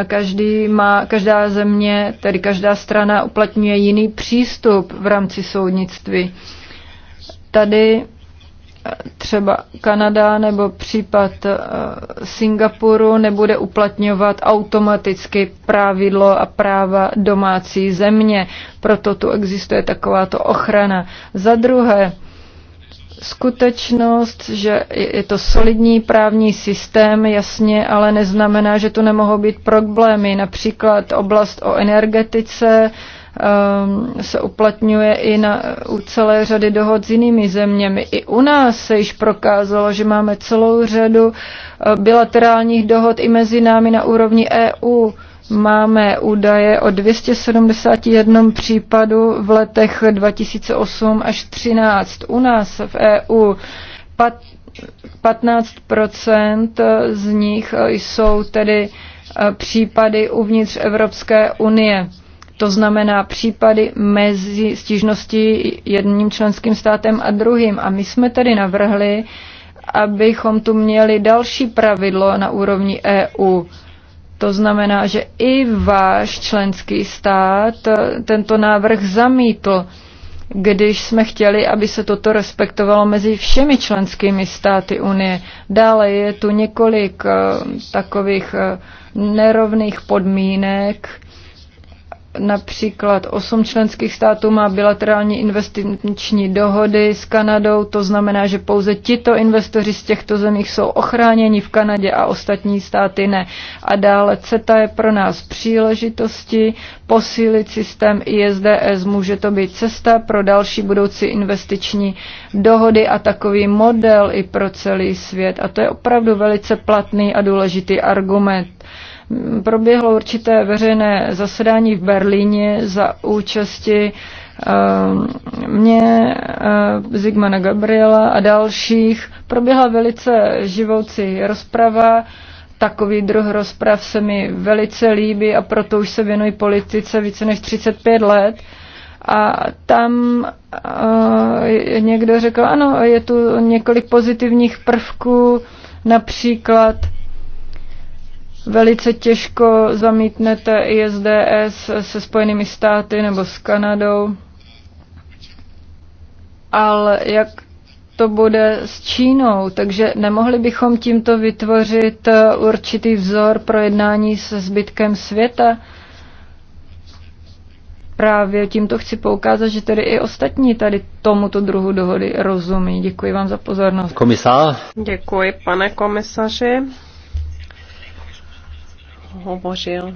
Každý má, každá země, tedy každá strana uplatňuje jiný přístup v rámci soudnictví. Tady třeba Kanada nebo případ eh, Singapuru nebude uplatňovat automaticky pravidlo a práva domácí země. Proto tu existuje takováto ochrana. Za druhé, skutečnost, že je to solidní právní systém, jasně, ale neznamená, že tu nemohou být problémy. Například oblast o energetice, Ehm, se uplatňuje i na, u celé řady dohod s jinými zeměmi. I u nás se již prokázalo, že máme celou řadu eh, bilaterálních dohod i mezi námi na úrovni EU. Máme údaje o 271 případu v letech 2008 až 2013 u nás v EU. Pat, 15 z nich eh, jsou tedy eh, případy uvnitř Evropské unie. To znamená případy mezi stížností jedním členským státem a druhým. A my jsme tedy navrhli, abychom tu měli další pravidlo na úrovni EU. To znamená, že i váš členský stát tento návrh zamítl, když jsme chtěli, aby se toto respektovalo mezi všemi členskými státy Unie. Dále je tu několik eh, takových eh, nerovných podmínek, Například osm členských států má bilaterální investiční dohody s Kanadou, to znamená, že pouze tito investoři z těchto zemí jsou ochráněni v Kanadě a ostatní státy ne. A dále CETA je pro nás příležitosti posílit systém ISDS. Může to být cesta pro další budoucí investiční dohody a takový model i pro celý svět. A to je opravdu velice platný a důležitý argument proběhlo určité veřejné zasedání v Berlíně za účasti ehm, mě, eh, Zygmana Gabriela a dalších. Proběhla velice živoucí rozprava. Takový druh rozprav se mi velice líbí a proto už se věnuji politice více než 35 let. A tam uh, někdo řekl, ano, je tu několik pozitivních prvků, například Velice těžko zamítnete ISDS se Spojenými státy nebo s Kanadou, ale jak to bude s Čínou, takže nemohli bychom tímto vytvořit eh, určitý vzor pro jednání se zbytkem světa. Právě tímto chci poukázat, že tedy i ostatní tady tomuto druhu dohody rozumí. Děkuji vám za pozornost. Komisář. Děkuji, pane komisaři hovořil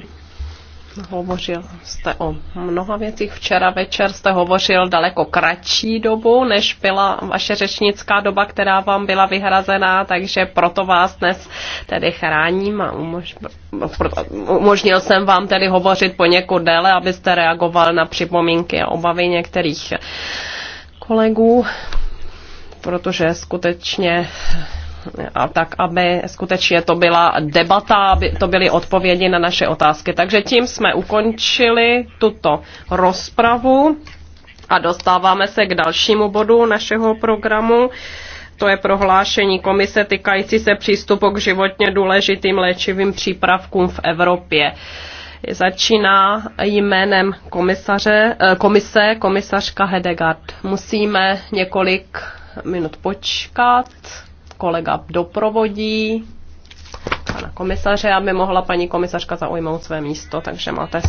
hovořil jste o mnoha věcích. Včera večer jste hovořil daleko kratší dobu, než byla vaše řečnická doba, která vám byla vyhrazená, takže proto vás dnes tedy chráním a umož... umožnil jsem vám tedy hovořit poněkud déle, abyste reagoval na připomínky a obavy některých kolegů, protože skutečně a tak, aby skutečně to byla debata, aby to byly odpovědi na naše otázky. Takže tím jsme ukončili tuto rozpravu a dostáváme se k dalšímu bodu našeho programu. To je prohlášení komise týkající se přístupu k životně důležitým léčivým přípravkům v Evropě začíná jménem komisaře, eh, komise, komisařka Hedegard. Musíme několik minut počkat kolega doprovodí pana komisaře, aby mohla paní komisařka zaujmout své místo, takže máte.